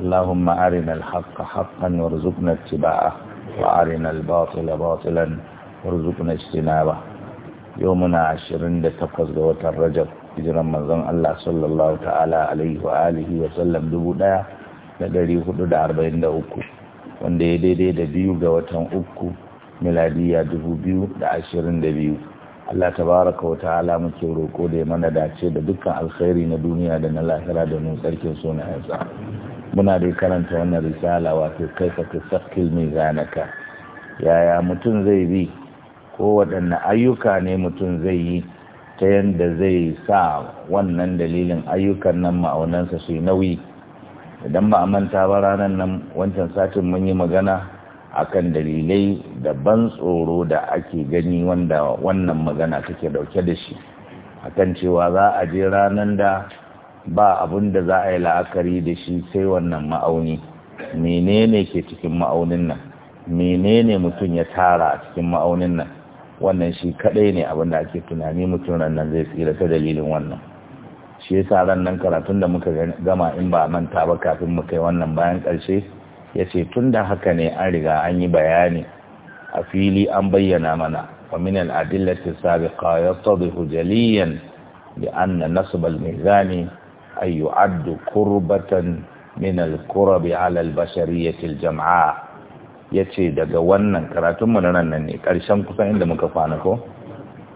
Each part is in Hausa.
اللهم أرنا الحق حقا وارزقنا اتباعه وأرنا الباطل باطلا وارزقنا اجتنابه يومنا عشرين لتقص دوة الرجب hijiran manzon Allah sallallahu ta'ala alaihi wa alihi wa sallam uku, wanda ya daidai da biyu ga watan uku miladiya biyu. Allah tabaraka wa ta'ala muke roko da ya mana dace da dukkan alkhairi na duniya da na lahira da suna tsarkin sunayensa muna dai karanta wannan risala wato kai ka mai zanaka. yaya mutum zai bi ko waɗanne ayyuka ne mutum zai yi ta yadda zai sa wannan dalilin ayyukan nan ma'aunansa su yi nauyi idan ba a manta ba ranar nan wancan satin mun yi magana akan dalilai da ban tsoro da ake gani wanda wannan magana take dauke da shi akan cewa za a je ranar da ba abin da za a yi la'akari da shi sai wannan ma'auni menene ke cikin ma'aunin nan menene mutum ya tara a cikin ma'aunin nan wannan shi kadai ne abin da ake tunani mutum nan zai tsira ta dalilin wannan shi ya sa ran nan karatun da muka gama in ba manta ba kafin mu kai wannan bayan karshe ya ce tun da haka ne an riga an yi bayani a fili an bayyana mana wa min al-adillati sabiqa yattadhihu jaliyan bi anna nasb al-mizani أن يعد كربة من الكرب على البشرية الجمعاء yace daga wannan karatun mu nan ne karshen kusan inda muka fana ko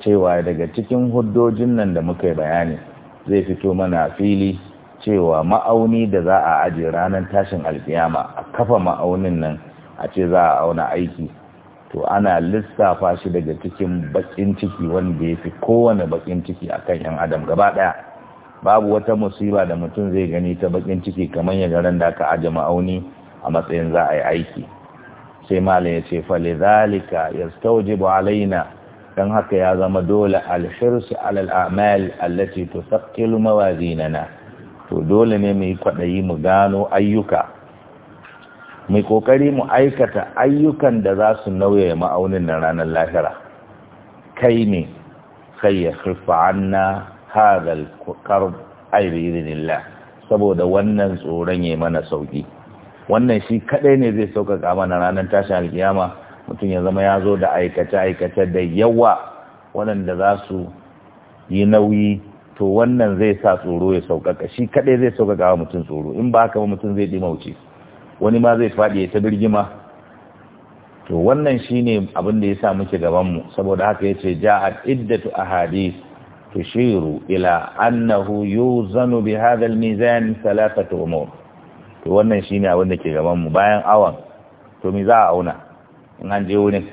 cewa daga cikin huddojin nan da muka yi bayani zai fito mana fili cewa ma'auni da za a aje ranar tashin alkiyama a kafa ma'aunin nan a ce za a auna aiki to ana lissafa shi daga cikin bakin ciki wanda ya fi kowane bakin ciki akan yan adam gaba ɗaya? babu wata musiba da mutum zai gani ta bakin ciki kamar ya garan da aka aje ma'auni a matsayin za a yi aiki sai malam ya ce fali zalika yastawjibu alaina dan haka ya zama dole alhirsu alal a'mal allati tusaqqilu mawazinana to dole ne mu yi kwadayi mu gano ayyuka mu kokari mu aikata ayyukan da za su nauye ma'aunin na ranar lahira kai ne kai ya anna hadal kar ay biiznillah saboda wannan tsoron yayi mana sauki wannan shi kadai ne zai sauƙaƙa mana ranar tashin alkiyama mutum ya zama ya zo da aikace aikace da yawa waɗanda za su yi nauyi to wannan zai sa tsoro ya sauƙaƙa shi kadai zai sauƙaƙa wa mutum tsoro in ba haka ba mutum zai dimauce wani ma zai faɗi ya ta birgima to wannan ne abin da ya sa muke gaban mu saboda haka yace ja'at iddatu ahadith تشير إلى أنه يوزن بهذا الميزان ثلاثة أمور to wannan shine abin da ke gaban mu bayan awon to me za a auna in an je wurin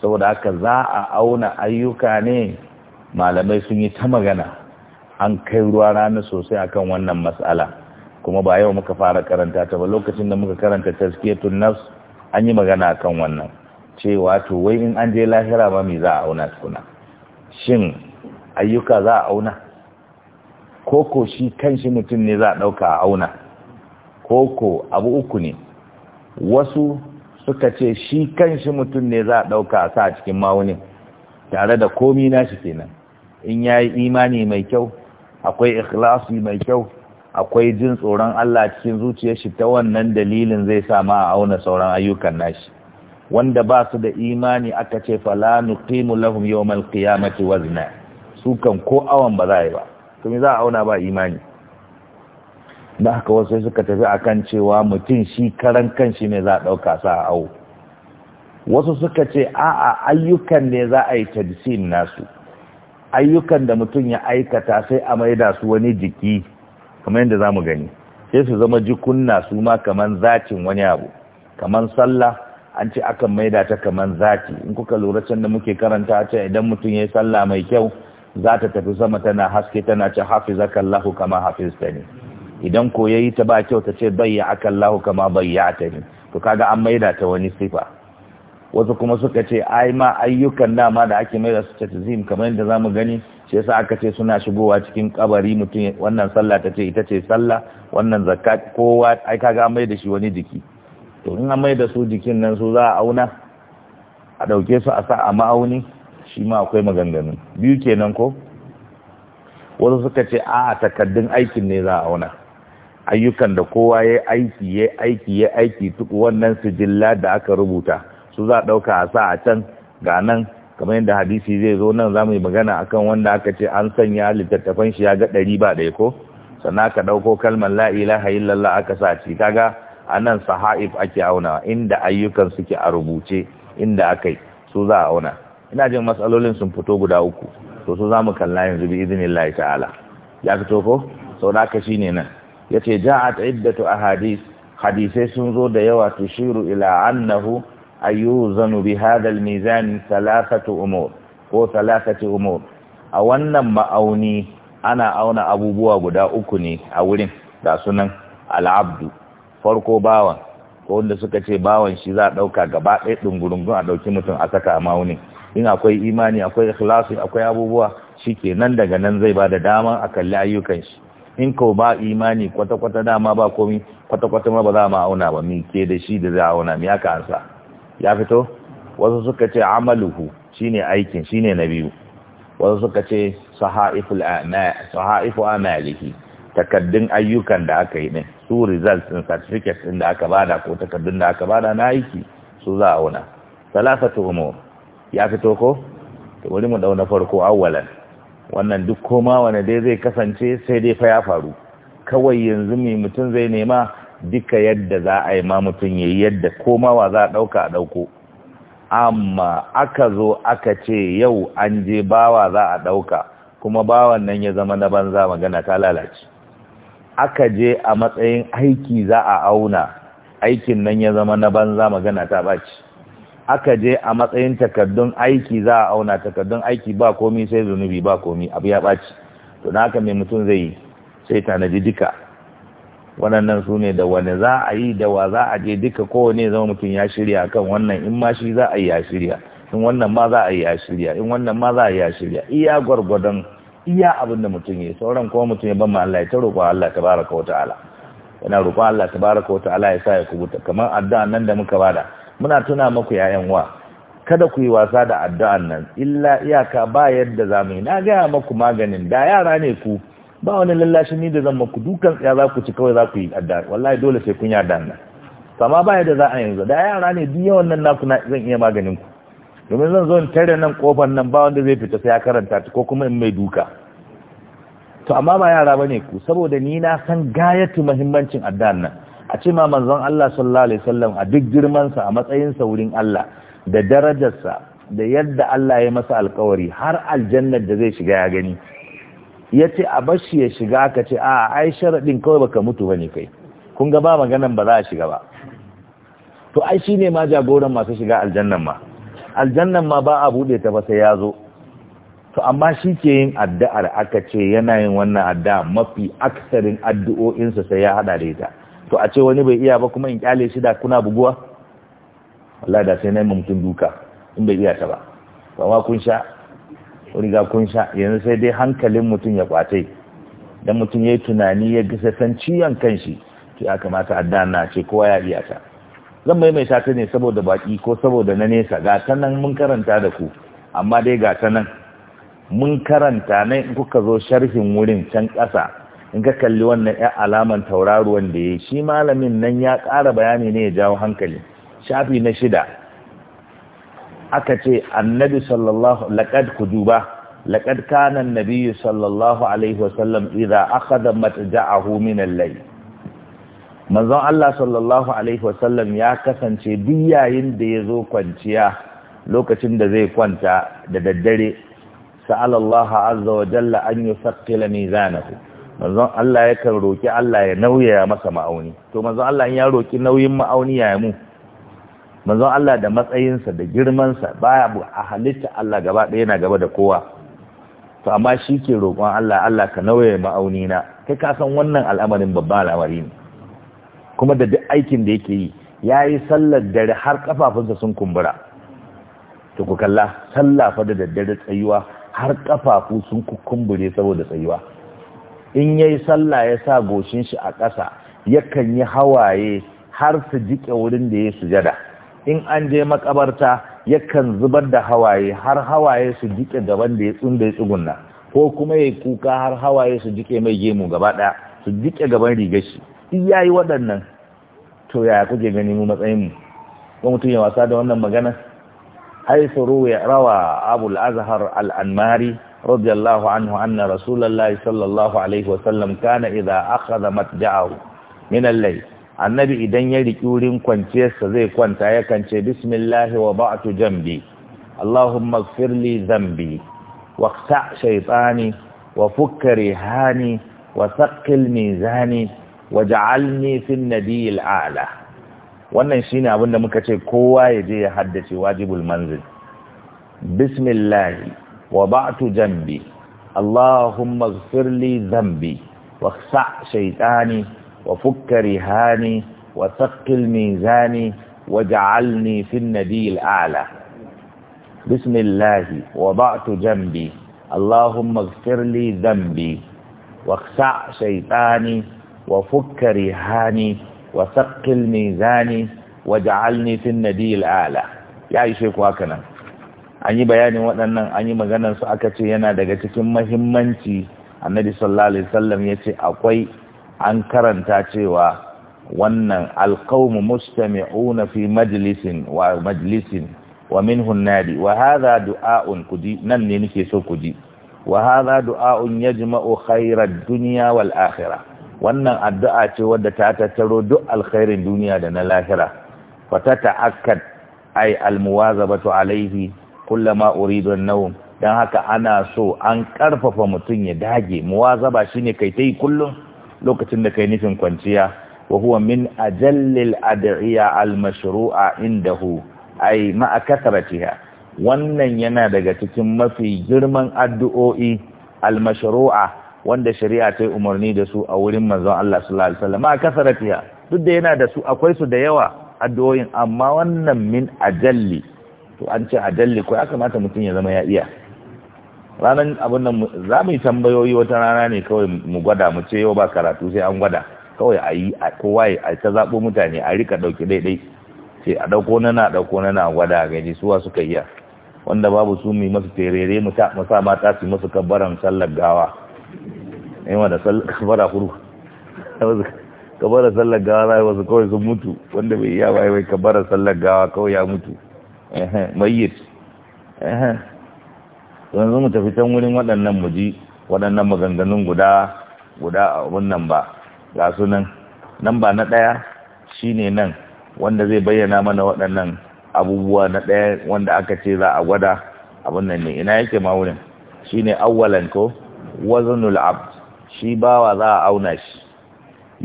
saboda haka za a auna ayyuka ne malamai sun yi ta magana an kai ruwa rana sosai akan wannan mas'ala kuma ba yau muka fara karanta ta ba lokacin da muka karanta tazkiyatun nafs an yi magana akan wannan cewa to wai in an je lahira ba me za a auna tukuna shin ayyuka za a auna koko shi kan shi mutum ne za a ɗauka a auna koko abu uku ne wasu suka ce shi kan shi mutum ne za a ɗauka a sa cikin ma'aunin tare da komi nashi kenan in ya yi imani mai kyau akwai ikhlasu mai kyau akwai jin tsoron Allah cikin zuciyar shi ta wannan dalilin zai sa ma a auna sauran ayyukan nashi wanda ba su da imani aka ce fala nuqimu lahum yawmal qiyamati wazna su kan ko awon ba za a yi ba kuma za a auna ba imani da haka wasu suka tafi akan cewa mutum shi karan kanshi ne za a ɗauka sa a awo wasu suka ce a'a ayyukan ne za a yi tadsin nasu ayyukan da mutum ya aikata sai a maida su wani jiki kamar yadda za gani sai su zama jikunna su ma kamar zatin wani abu kamar sallah an ce akan maida ta kamar zati in kuka lura can da muke karanta ce idan mutum ya yi sallah mai kyau za ta tafi sama tana haske tana ce kallahu kama ne idan ko yi ta ba kyau ta ce a kallahu kama ne to kaga an maida ta wani sifa wasu kuma suka ce ai ma ayyukan dama da ake maida su tatizim kamar yadda mu gani shi yasa aka ce suna shigowa cikin kabari mutum wannan sallah ta ce ita ce sallah wannan zakka kowa ai kaga an maida shi wani jiki to in an maida su jikin nan su za a auna a dauke su a sa a ma'auni shi ma akwai maganganu biyu kenan ko wasu suka ce a takaddun aikin ne za a auna ayyukan da kowa ya aiki ya aiki ya aiki tuku wannan sijilla da aka rubuta su za a ɗauka a sa a can ga nan kamar yadda hadisi zai zo nan za mu yi magana akan wanda aka ce an sanya littattafan shi ya ga ɗari ba ɗaya ko sannan aka ɗauko kalmar la ilaha illallah aka sa ci kaga a nan sahaif ake auna inda ayyukan suke a rubuce inda aka yi su za a auna ina jin matsalolin sun fito guda uku to su zamu kalla yanzu bi idinillahi ta'ala ya fito ko sau da shi ne nan yace ja'at iddatu ahadith hadisai sun zo da yawa tushiru ila annahu ayyuzanu bi hadal al-mizan umur ko thalathati umur a wannan ma'auni ana auna abubuwa guda uku ne a wurin da sunan al'abdu farko bawan ko wanda suka ce bawan shi za a ɗauka gaba ɗaya ɗungurungun a ɗauki mutum a saka a ma'aunin in akwai imani akwai ikhlasi akwai abubuwa shi nan daga nan zai ba da dama a kalli ayyukan shi in ko ba imani kwata kwata dama ba komi kwata kwata ma ba za mu auna ba mi ke da shi da za a auna mi aka ansa ya fito wasu suka ce amaluhu shine aikin shine na biyu wasu suka ce sahaiful a'mal sahaifu amalihi takaddun ayyukan da aka yi ne su results din certificate din da aka bada ko takaddun da aka bada na aiki su za a auna salasatu umur ya fito ko to bari mu ɗauna farko awwalan wannan duk koma wani dai zai kasance sai dai fa ya faru kawai yanzu mai mutum zai nema duka yadda za a yi ma mutum yayi yadda komawa za a dauka a dauko amma aka zo aka ce yau an je bawa za a dauka kuma bawan nan ya zama na banza magana ta lalace aka je a matsayin aiki za a auna aikin nan ya zama na banza magana ta ɓaci. aka je a matsayin takardun aiki za a auna takardun aiki ba komi sai zunubi ba komi abu ya ɓaci to na haka mai mutum zai yi sai tanadi duka waɗannan su ne da wani za a yi da wa za a je duka kowane zama mutum ya shirya kan wannan in ma shi za a yi ya shirya in wannan ma za a yi ya shirya in wannan ma za a yi ya shirya iya gwargwadon iya abin da mutum ya sauran kuma mutum ya ban ma Allah ya ta roƙo Allah tabaraka wa ta'ala yana roƙon Allah tabaraka wa ta'ala ya sa ya kubuta kamar addu'a nan da muka bada muna tuna maku yayan wa kada ku yi wasa da addu'an nan illa iyaka ba yadda za mu yi na gaya maku maganin da yara ne ku ba wani lallashi ni da zan maku. dukan tsaya za ku ci kawai za ku yi addu'a wallahi dole sai kun yi addu'an nan amma ba yadda za a yanzu da yara ne duk yawan nan naku na zan iya maganin ku domin zan zo in tare nan kofar nan ba wanda zai fita sai ya karanta ta ko kuma in mai duka to amma ba yara bane ku saboda ni na san gayatu muhimmancin addu'an nan a ce ma manzon Allah sallallahu alaihi wasallam a duk girmansa a matsayin sa wurin Allah da darajarsa da yadda Allah ya masa alkawari har aljannar da zai shiga ya gani ya ce a bashi ya shiga ka ce a ai sharaɗin kawai baka mutu bane kai kun ga ba maganan ba za a shiga ba to ai shine ma jagoran masu shiga aljannan ma aljannan ma ba a buɗe ta ba sai ya zo to amma shi ke yin addu'ar aka ce yana yin wannan addu'a mafi aksarin addu'o'insa sai ya haɗa da ita to a ce wani bai iya ba kuma in kyale shi da kuna buguwa wallahi da sai na mutum duka in bai iya ta ba amma kun sha riga kun sha yanzu sai dai hankalin mutum ya kwace dan mutum yayi tunani ya gisa san ciyan kanshi to ya kamata addana ce kowa ya iya ta zan maimaita ta ne saboda baki ko saboda na nesa ga ta mun karanta da ku amma dai ga ta mun karanta ne kuka zo sharhin wurin can ƙasa in ka kalli wannan ya alaman tauraruwan da ya shi malamin nan ya ƙara bayani ne ya jawo hankali shafi na shida aka ce annabi sallallahu laƙad ku duba laƙad kanan nabi sallallahu alaihi wasallam idza akhadha matja'ahu min al manzon Allah sallallahu alaihi wasallam ya kasance duk yayin da ya zo kwanciya lokacin da zai kwanta da daddare sa'alallaha azza wa jalla an yusaqqila mizanahu manzon Allah ya kan roki Allah ya nauyaya masa ma'auni to manzon Allah in ya roki nauyin ma'auni ya mu manzon Allah da matsayinsa da girmansa baya bu a halitta Allah gaba ɗaya yana gaba da kowa to amma shi ke roƙon Allah Allah ka nauyaya ma'auni na kai ka san wannan al'amarin babban al'amari ne kuma da duk aikin da yake yi ya yi sallar dare har kafafunsa sun kumbura to ku kalla sallah fa da daddare tsayuwa har kafafu sun kukumbure saboda tsayuwa in yayi sallah ya sa goshin shi a ƙasa yakan yi hawaye har su jike wurin da ya sujada in an je makabarta yakan zubar da hawaye har hawaye su jike gaban da ya tsunda ya tsugunna ko kuma ya kuka har hawaye su jike mai gemu gaba ɗaya su jike gaban rigar shi in yayi waɗannan to yaya kuke gani mu matsayin mu ko mutum ya wasa da wannan magana haythu ruwa rawa abul azhar al-anmari رضي الله عنه أن رسول الله صلى الله عليه وسلم كان إذا أخذ متجعه من الليل annabi idan ya riƙi wurin kwanciyarsa zai kwanta yakan ce bismillahi wa ba'tu jambi allahumma ighfirli dhanbi waqta shaytani wa fukka rihani wa saqqil mizani waj'alni fi an-nabiyil a'la wannan shine abin da muka ce kowa ya je ya haddace wajibul manzin. bismillahi وضعت جنبي اللهم اغفر لي ذنبي واخسع شيطاني وفك رهاني وثقل ميزاني واجعلني في الندي الأعلى بسم الله وضعت جنبي اللهم اغفر لي ذنبي واخسع شيطاني وفك رهاني وثقل ميزاني واجعلني في الندي الأعلى يا شيخ هكذا an yi bayanin waɗannan an yi maganar su aka ce yana daga cikin mahimmanci annabi sallallahu alaihi wasallam ya ce akwai an karanta cewa wannan alqawmu mustami'una fi majlisin wa majlisin wa nadi wa hadha du'a'un kudi nan ne nake so kudi wa hadha du'a'un yajma'u khayra ad-dunya wal akhirah wannan addu'a ce wadda ta tattaro duk alkhairin duniya da na lahira fa ta ta'akkad ay al-muwazabatu alaihi kullama uridu an-nawm dan haka ana so an karfafa mutum ya dage muwazaba shine kai tai kullum lokacin da kai nufin kwanciya wa huwa min ajallil ad'iya al-mashru'a indahu ay ma kasratiha wannan yana daga cikin mafi girman addu'o'i al-mashru'a wanda shari'a ta umarni da su a wurin manzon Allah sallallahu alaihi wasallam ma kasratiha duk da yana da su akwai su da yawa addu'o'in amma wannan min ajalli to an ce a dalle ko ya kamata mutum ya zama ya iya ranar abin nan za mu yi tambayoyi wata rana ne kawai mu gwada mu ce yau ba karatu sai an gwada kawai a yi a kowa a ta zaɓo mutane a rika ɗauki daidai ce a ɗauko na na ɗauko na na gwada a gani suwa suka iya wanda babu su mu masu terere mu sa mata su masu kabaran sallar gawa yawa da kabara huru kabara sallar gawa za wasu kawai sun mutu wanda bai iya bai kabara sallar gawa kawai ya mutu mayyit yanzu mu tafi can wurin waɗannan mu ji waɗannan maganganun guda guda a wannan ba ga su nan nan ba na ɗaya shine nan wanda zai bayyana mana waɗannan abubuwa na ɗaya wanda aka ce za a gwada abun nan ne ina yake ma wurin shine awwalan ko wazanul ab shi bawa za a auna shi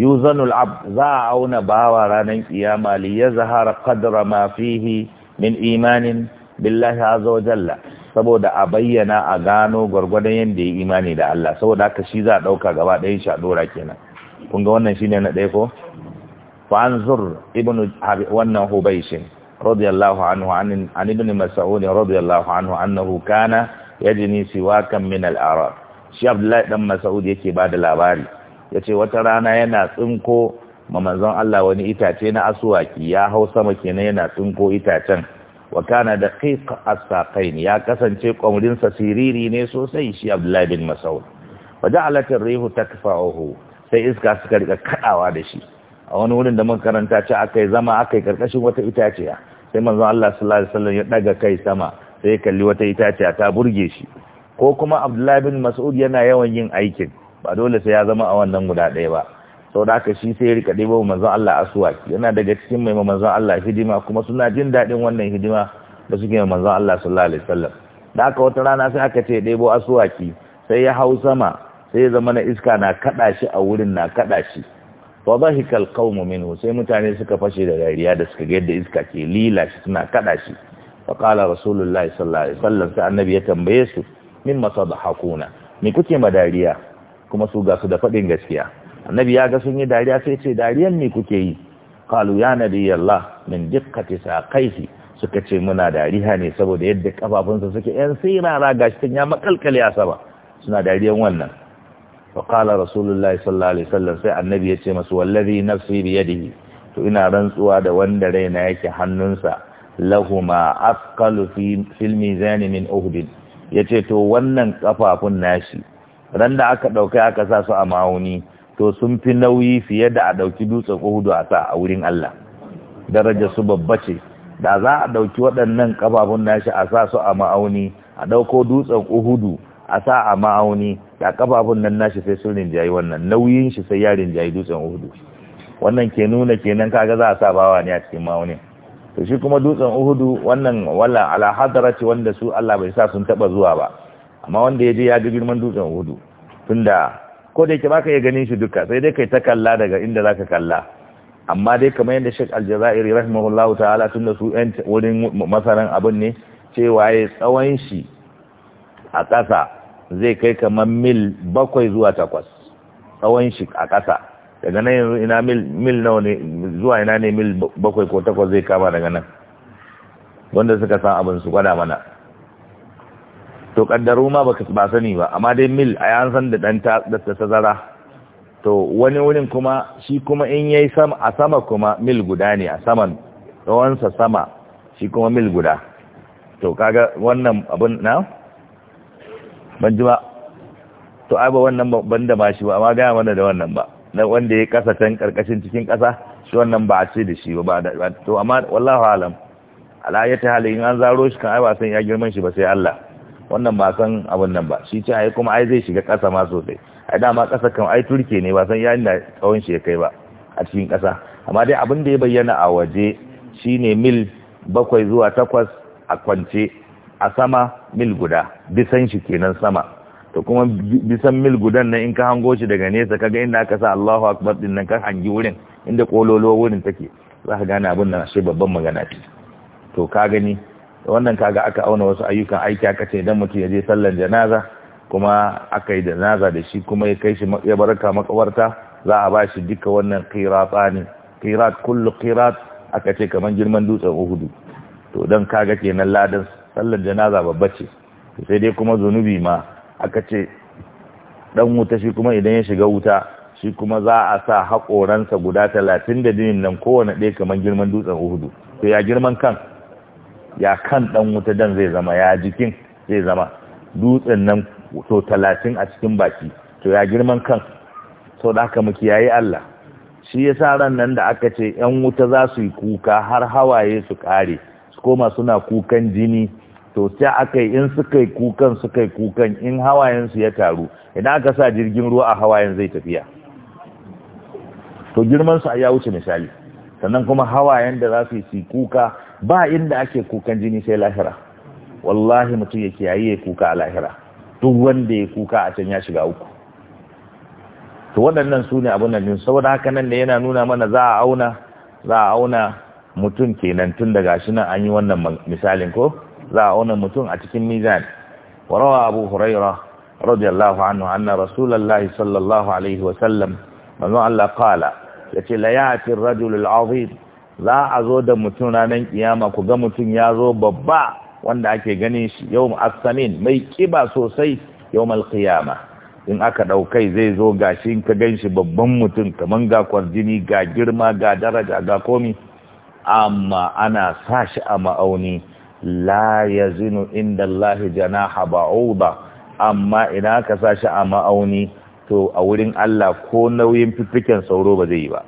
yuzanul ab za a auna bawa ranar kiyama li yazhara qadra ma fihi min imanin billahi azza wa jalla saboda a bayyana a gano gwargwadon yadda ya imani da Allah saboda haka shi za a ɗauka gaba ɗayan shi a ɗora kenan kun ga wannan shine na ɗaya ko fanzur ibnu wannan hubaishin radiyallahu anhu an ibn mas'ud radiyallahu anhu annahu kana yajni siwakan min al-arab shi abdullahi dan mas'ud yake ba da labari yace wata rana yana tsinko ma manzon Allah wani itace na asuwaki ya hau sama kenan yana tsinko itacen wa kana da qiq as ya kasance kwamrin sa siriri ne sosai shi Abdullahi bin Mas'ud wa ja'alat ar-rihu takfa'uhu sai iska suka rika kadawa da shi a wani wurin da mun karanta ci akai zama akai karkashin wata itace sai manzon Allah sallallahu alaihi wasallam ya ɗaga kai sama sai ya kalli wata itaciya ta burge shi ko kuma Abdullahi bin Mas'ud yana yawan yin aikin ba dole sai ya zama a wannan guda ɗaya ba sau da aka shi sai rika ɗebo manzon Allah asuwaki yana daga cikin mai manzon Allah hidima kuma suna jin daɗin wannan hidima da suke mai manzon Allah sallallahu alaihi wasallam da aka wata rana sai aka ce ɗebo asuwaki sai ya hau sama sai ya zama na iska na kaɗa shi a wurin na kaɗa shi fa dhahika alqawmu minhu sai mutane suka fashe da dariya da suka ga yadda iska ke lila shi suna kaɗa shi fa qala rasulullahi sallallahu alaihi wasallam sai annabi ya tambaye su mimma tadhakuna me kuke madariya kuma su gasu da faɗin gaskiya annabi ya ga sun yi dariya sai ce dariyan ne kuke yi qalu ya nabiyallah min dikkati kaifi. suka ce muna dariya ne saboda yadda kafafunsa suke yan sirara gashi tun ya makalkale a sama suna dariyan wannan fa qala rasulullahi sallallahu alaihi wasallam sai annabi ya ce masu wallazi nafsi bi yadihi to ina rantsuwa da wanda raina yake hannunsa lahuma afqalu fi fil mizan min uhd yace to wannan kafafun nashi ran da aka dauka aka sa su a ma'auni to sun fi nauyi fiye da a ɗauki dutsen uhudu a sa a wurin Allah daraja su babba ce da za a ɗauki waɗannan ƙafafun nashi a sa su a ma'auni a ɗauko dutsen uhudu a sa a ma'auni da ƙafafun nan nashi sai sun rinjayi wannan nauyin shi sai ya rinjayi dutsen uhudu wannan ke nuna kenan kaga za a sa bawa ne a cikin ma'aunin to shi kuma dutsen uhudu wannan wala ala hadarati wanda su Allah bai sa sun taba zuwa ba amma wanda ya je ya ga girman dutsen uhudu tunda ko da yake baka iya ganin shi duka sai dai kai ta kalla daga inda zaka kalla amma dai kamar yadda Sheikh al-jazeera Aljazairi rahimahullahu ta'ala tunda su yan wurin masaran abin ne cewa ya tsawon shi a ƙasa zai kai kamar mil bakwai zuwa takwas tsawon shi a ƙasa daga nan yanzu ina mil mil nawa ne zuwa ina ne mil bakwai ko takwas zai kama daga nan wanda suka san abin su gwada mana to kaddaro ma baka ba sani ba amma dai mil a yan san da dan ta da tazara to wani wurin kuma shi kuma in yayi sama a sama kuma mil guda ne a saman tsawonsa sama shi kuma mil guda to kaga wannan abun na ban ji ba to ai ba wannan ban da ba shi ba amma gaya mana da wannan ba na wanda ya kasa can karkashin cikin kasa shi wannan ba a ce da shi ba to amma wallahu alam ala ya halin an zaro shi kan ai ba san ya girman shi ba sai Allah wannan ba san abin nan ba shi ce ai kuma ai zai shiga ƙasa ma sosai ai dama ƙasa kan ai turke ne ba san yayin da tsawon shi ya kai ba a cikin ƙasa amma dai abin da ya bayyana a waje shine mil bakwai zuwa takwas a kwance a sama mil guda bisan shi kenan sama to kuma bisan mil gudan nan in ka hango shi daga nesa kaga inda aka sa Allahu akbar din nan ka hangi wurin inda kololo wurin take za ka gane abin nan shi babban magana ce to ka gani da wannan kaga aka auna wasu ayyukan aiki aka ce idan mutum ya je sallan janaza kuma aka yi janaza da shi kuma ya kai shi ya baraka makawarta za a shi duka wannan ne qirat kullu qirat aka ce kaman girman dutsen uhudu to dan kaga kenan ladan sallan janaza babba ce sai dai kuma zunubi ma aka ce dan wuta shi kuma idan ya shiga wuta shi kuma za a sa haƙoransa guda talatin da dinin nan kowane ɗaya kamar girman dutsen uhudu to ya girman kan ya kan dan wuta dan zai zama ya jikin zai zama dutsen nan to talatin a cikin baki to ya girman kan sau da haka muke yayi Allah shi yasa ran nan da aka ce yan wuta za su yi kuka har hawaye su kare su koma suna kukan jini to sai aka yi in suka yi kukan suka yi kukan in hawayen su ya taru idan aka sa jirgin ruwa a hawayen zai tafiya to girman su ya wuce misali sannan kuma hawayen da za su yi kuka ba inda ake kukan jini sai lahira wallahi mutum ya kiyaye kuka a lahira duk wanda ya kuka a can ya shiga uku to waɗannan su ne abin nan saboda haka nan da yana nuna mana za a auna za a auna mutum kenan tun daga shi nan an yi wannan misalin ko za a auna mutum a cikin mizan rawa abu huraira radiyallahu anhu anna rasulullahi sallallahu alaihi wa sallam manzo Allah qala yace la ya'ti ar-rajul al-'azim za a zo da mutum ranar kiyama ku ga mutum ya zo babba wanda ake ganin shi yau asamin mai kiba sosai yau malkiyama in aka ɗaukai zai zo gashi in ka gan shi babban mutum kamar ga kwarjini ga girma ga daraja ga komi amma ana sa shi a ma'auni la ya zinu inda jana, janaha ba. amma ina ka sa shi a ma'auni to a wurin Allah ko nauyin fifiken sauro ba zai yi ba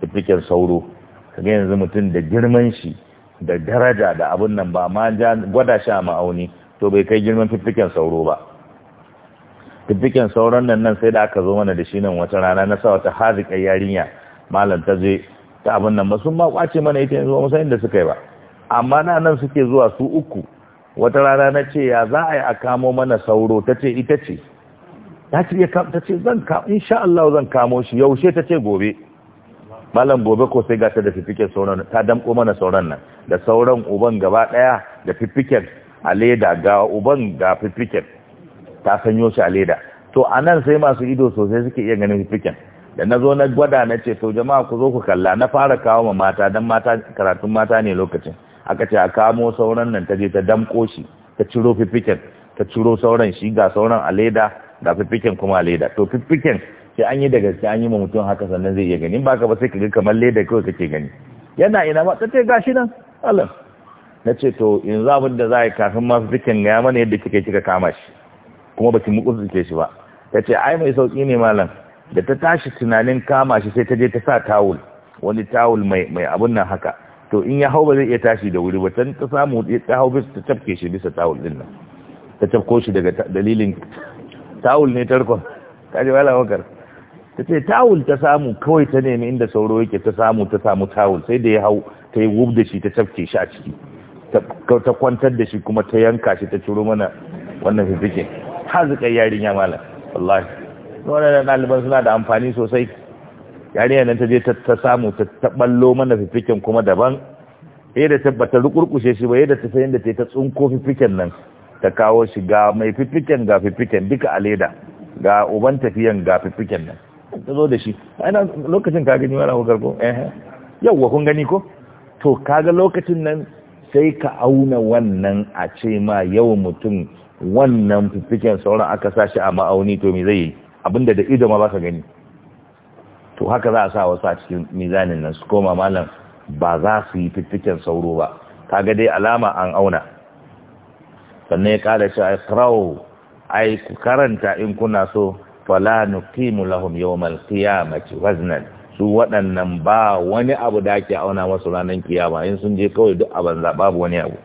fifiken sauro Ka ga yanzu mutum da girman shi da daraja da abun nan ba ma gwada shi a ma'auni to bai kai girman fiffiken sauro ba fiffiken sauron nan nan sai da aka zo mana da shi nan wata rana na sa wata haziƙar yarinya malam ta je ta abin nan ba sun ma kwace mana ita yanzu ba inda suka yi ba amma na nan suke zuwa su uku wata rana na ce ya za a yi a kamo mana sauro ta ce ita ce ta ce zan kamo insha Allah zan kamo shi yaushe ta ce gobe malam gobe ko sai gata da fifiken sauran ta damko mana sauran nan da sauran uban gaba daya da fifiken a leda ga uban ga fifiken ta sanyo shi a leda to a nan sai masu ido sosai suke iya ganin fifiken da na zo na gwada na ce to jama'a ku zo ku kalla na fara kawo ma mata dan mata karatun mata ne lokacin aka ce a kamo sauran nan ta je ta damko shi ta ciro fifiken ta ciro sauran shi ga sauran a leda ga fifiken kuma a leda to fifiken sai an yi da gaske an yi ma mutum haka sannan zai iya gani ba ka ba sai ka ga kamar leda kawai kake gani yana ina ma ta ce gashi nan Allah na ce to yanzu abin da za yi kafin masu cikin gaya mana yadda kika kika kama shi kuma ba ki ke shi ba tace ce ai mai sauki ne malam da ta tashi tunanin kama shi sai ta je ta sa tawul wani tawul mai mai abun nan haka to in ya hau ba zai iya tashi da wuri ba ta ta samu ta hau bisa ta tafke shi bisa tawul din nan ta tafko shi daga dalilin tawul ne tarkon kaje wala wakar ta ce tawul ta samu kawai ta nemi inda sauro yake ta samu ta samu tawul sai da ya hau ta yi wub da shi ta cafke shi a ciki ta kwantar da shi kuma ta yanka shi ta ciro mana wannan zika har zuka yarinya malam wallahi wannan ɗaliban suna da amfani sosai yarinya nan ta je ta samu ta ballo mana fifiken kuma daban yadda ta bata rukurkushe shi ba yadda ta sayin da ta ta tsunko fifiken nan ta kawo shi ga mai fifiken ga fifiken duka a leda ga uban tafiyan ga fifiken nan ta zo da shi ina lokacin ka gani wani hukar ko wa kun gani ko to kaga lokacin nan sai ka auna wannan a ce ma yawan mutum wannan fifikin sauran aka sa shi a ma'auni to me zai yi abinda da ido ma ba ka gani to haka za a sa wasu a cikin mizanin nan su koma malam ba za su yi fifikin sauro ba kaga dai alama an auna sannan ya kada shi a ai ku karanta in kuna so fala nuqimu lahum yawmal qiyamati waznan su waɗannan ba wani abu da ake auna masu ranar kiyama in sun je kawai duk a banza babu wani abu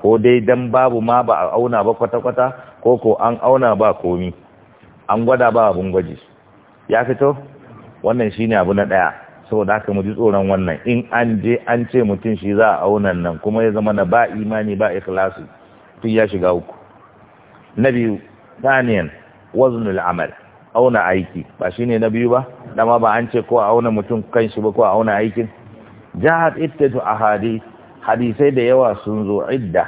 ko dai dan babu ma ba a auna ba kwata-kwata ko ko an auna ba komi an gwada ba abun gwaji ya fito wannan shine abu na ɗaya saboda haka mu ji tsoron wannan in an je an ce mutum shi za a auna nan kuma ya zama na ba imani ba ikhlasi tun ya shiga uku na biyu waznul amal auna aiki ba shine na biyu ba dama ba an ce ko a auna mutum kan shi ba ko a auna aikin jahat ittatu ahadith hadisai da yawa sun zo idda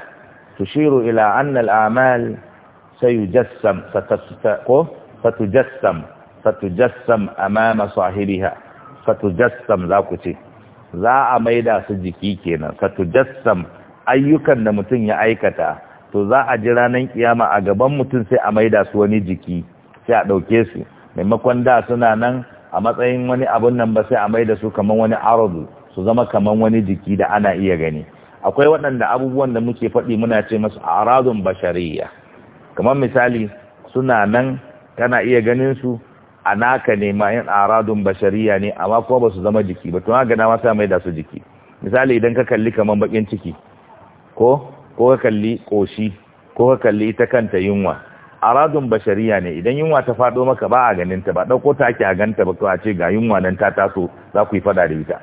tushiru ila anna al-amal sayujassam satastaqo fatujassam fatujassam amama sahibiha satujassam za ku ce za a maida su jiki kenan satujassam ayyukan da mutum ya aikata to za a ji ranar kiyama a gaban mutum sai a maida su wani jiki sai a ɗauke su maimakon da suna nan a matsayin wani abun nan ba sai a mai da su kamar wani arzu su zama kamar wani jiki da ana iya gani akwai waɗanda abubuwan da muke faɗi muna ce masu arazun bashariya kamar misali suna nan kana iya ganin su a naka ne ma yin aradun bashariya ne amma kuma ba su zama jiki ba tuna gana masa mai da su jiki misali idan ka kalli kamar bakin ciki ko ko ka kalli ƙoshi, ko ka kalli ita kanta yunwa aradun bashariya ne idan yunwa ta faɗo maka ba a ganin ta ba ɗauko ta ake a ganta ba to a ce ga yunwa nan ta taso za ku yi faɗa da ita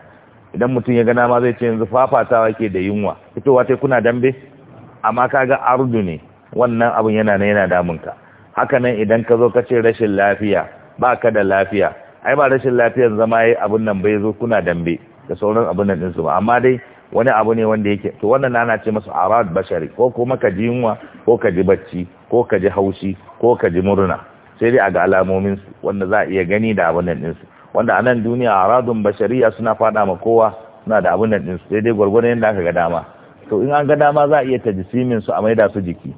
idan mutum ya gana ma zai ce yanzu fafatawa ke da yunwa fitowa ta kuna dambe amma ka ga ardu ne wannan abun yana nan yana damun ka haka nan idan ka zo ka ce rashin lafiya ba ka da lafiya ai ba rashin lafiyar zama yi abun nan bai zo kuna dambe da sauran abun nan din su ba amma dai wani abu ne wanda yake to wannan na na ce masu arad bashari ko kuma ka ji yunwa ko ka ji bacci ko ka ji haushi ko ka ji murna sai dai a ga alamomin su wanda za a iya gani da abun nan ɗinsu wanda a nan duniya aradun bashariya suna fada ma kowa suna da abun nan ɗinsu sai dai gwargwadon yadda aka ga dama to in an ga dama za a iya ta simin su a maida su jiki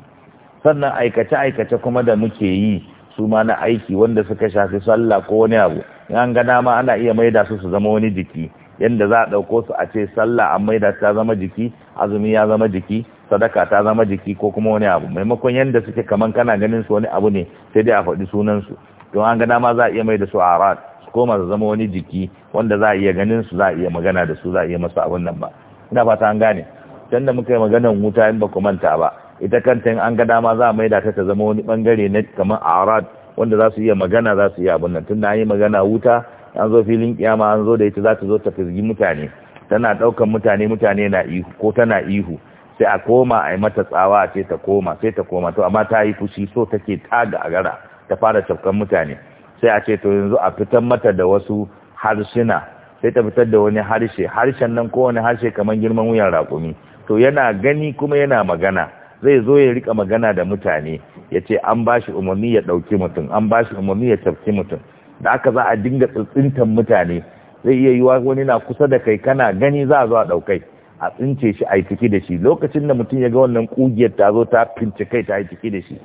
sannan aikace aikace kuma da muke yi su ma na aiki wanda suka shafi sallah ko wani abu in an ga dama ana iya maida su su zama wani jiki yadda za a ɗauko su a ce sallah an maida ta zama jiki azumi ya zama jiki sadaka ta zama jiki ko kuma wani abu maimakon yadda suke kaman kana ganin su wani abu ne sai dai a faɗi sunansu don an ga dama za a iya mai da su arad su koma su zama wani jiki wanda za a iya ganin su za a iya magana da su za a iya masu abun nan ba ina fata an gane can da muka yi maganan wuta in ba ku manta ba ita kanta in an ga dama za a maida ta ta zama wani bangare na kamar arad wanda za su iya magana za su iya abun nan tunda an yi magana wuta an zo filin kiyama an zo da ita za ta zo ta fizgi mutane tana daukan mutane mutane na ihu ko tana ihu sai a koma a yi mata tsawa a ce ta koma sai ta koma to amma ta yi fushi so take taga a gara ta fara cafkan mutane sai a ce to yanzu a fitar mata da wasu harsuna sai ta fitar da wani harshe harshen nan ko wani harshe kamar girman wuyan raƙumi to yana gani kuma yana magana zai zo ya rika magana da mutane ya ce an ba shi umarni ya ɗauki mutum an ba shi umarni ya tafki mutum da aka za a dinga tsintsintan mutane zai iya yiwa wani na kusa da kai kana gani za a zo a daukai a tsince shi a yi da shi lokacin da mutum ya ga wannan kugiyar ta zo ta fince kai ta yi da shi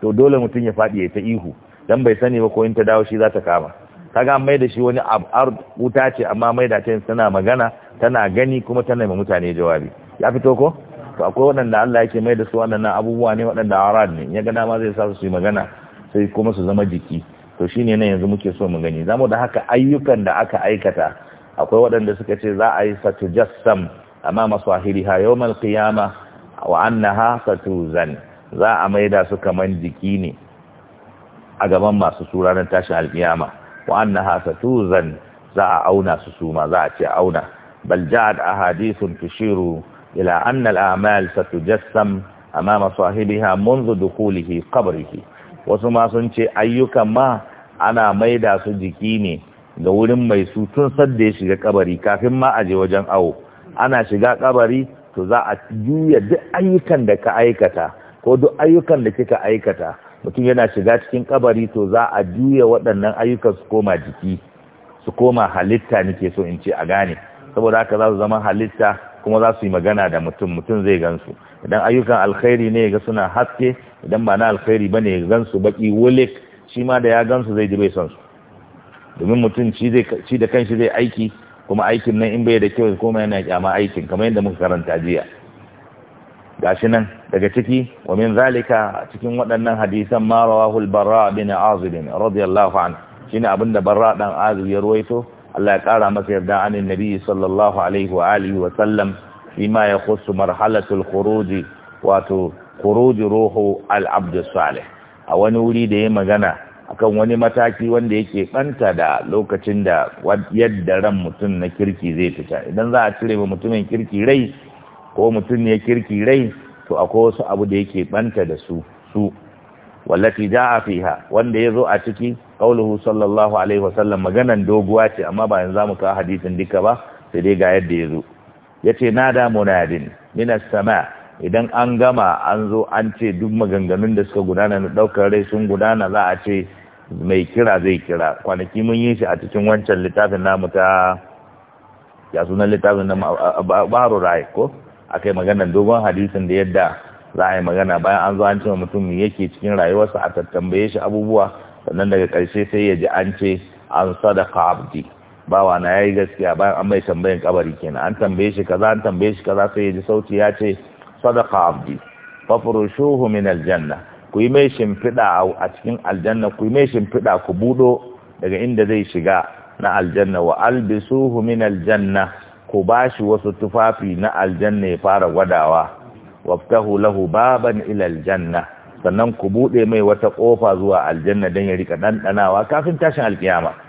to dole mutum ya faɗi ya ta ihu dan bai sani ba ko in ta dawo shi za ta kama kaga mai da shi wani abar wuta ce amma mai da ta tana magana tana gani kuma tana ma mutane jawabi ya fito ko to akwai waɗanda Allah yake mai da su waɗannan abubuwa ne waɗanda arad ne ya ga dama zai sa su yi magana sai kuma su zama jiki to shi ne yanzu muke so mu gani zamu da haka ayyukan da aka aikata akwai waɗanda suka ce za a yi satujassam ha sahiliha Kiyama. qiyama wa annaha satuzan za a maida su kamar jiki ne a gaban masu su ranar tashin alkiyama wa annaha satuzan za a auna su suma za a ce auna bal ja'at ahadithun tushiru ila anna al-a'mal satujassam amama ha منذ دخوله قبره wasu ma sun ce ayyukan ma ana maida su jiki ne ga wurin mai su tun sadda ya shiga kabari kafin ma a je wajen awo ana shiga kabari to za a juya duk ayyukan da ka aikata ko duk ayyukan da kika aikata mutum yana shiga cikin kabari to za a juya waɗannan ayyukan su koma jiki su koma halitta nake so in ce a gane saboda haka za su zama halitta kuma za su yi magana da mutum mutum zai gansu idan ayyukan alkhairi ne ga suna haske idan ba na alkhairi ba ne gan su baki wulik shi ma da ya gansu zai ji bai son su domin mutum shi da kanshi zai aiki kuma aikin nan in bai da kyau kuma yana kyama aikin kamar yadda muka karanta jiya gashi nan daga ciki wa min zalika cikin waɗannan hadisan ma rawahul barra bin azib radiyallahu shine abinda barra dan azib ya ruwaito Allah ya kara masa yarda anin nabi sallallahu alaihi wa alihi wa sallam فيما يخص مرحلة الخروج al خروج روح العبد الصالح da ya دي magana akan wani mataki wanda yake banta da lokacin da yadda ran mutum na kirki zai fita idan za a cire wa mutumin kirki rai ko mutum ne kirki rai to akwai wasu abu da yake banta da su su wallati ja'a fiha wanda yazo a ciki qauluhu sallallahu alaihi wasallam maganan doguwa ce amma ba yanzu za mu kawo hadisin duka ba sai dai ga yadda yazo ya ce na nada munadin minas sama idan an gama an zo an ce duk maganganun da suka gudana na daukar rai sun gudana za a ce mai kira zai kira kwanaki mun yi shi a cikin wancan littafin namu ta ya sunan littafin na baro rai ko akai magana dogon hadisin da yadda za a yi magana bayan an zo an ce mutum yake cikin rayuwarsa a tattambaye shi abubuwa sannan daga karshe sai ya ji an ce an sadaka abdi bawa na yayi gaskiya bayan an mai tambayin kabari kenan an tambaye shi kaza an tambaye shi kaza sai ya ji sauti ya ce sadaqa abdi fafrushuhu min aljanna ku yi mai shimfiɗa a cikin aljanna ku yi mai shimfiɗa ku budo daga inda zai shiga na aljanna wa albisuhu min aljanna ku bashi wasu tufafi na aljanna ya fara gwadawa waftahu lahu baban ila aljanna sannan ku bude mai wata kofa zuwa aljanna dan ya rika dandanawa kafin tashin alkiyama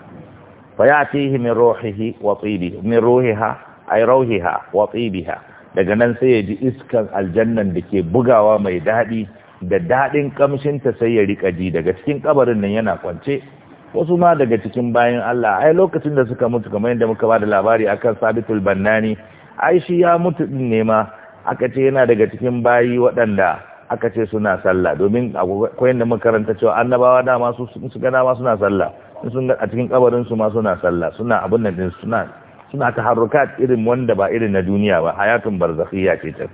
fayatihi min ruhihi wa tibihi min ruhiha ay ruhiha wa tibiha daga nan sai yaji ji iskan aljannan da ke bugawa mai daɗi da daɗin ta sai ya rika ji daga cikin kabarin nan yana kwance wasu ma daga cikin bayan Allah ai lokacin da suka mutu kamar yadda muka bada labari akan sabitul bannani ai shi ya mutu din ne ma aka ce yana daga cikin bayi waɗanda aka ce suna sallah domin akwai yadda muka karanta cewa annabawa dama su gana dama suna sallah sun ga a cikin kabarin su ma suna sallah suna abun nan din suna suna taharrukat irin wanda ba irin na duniya ba hayatun barzakhiyya ce ta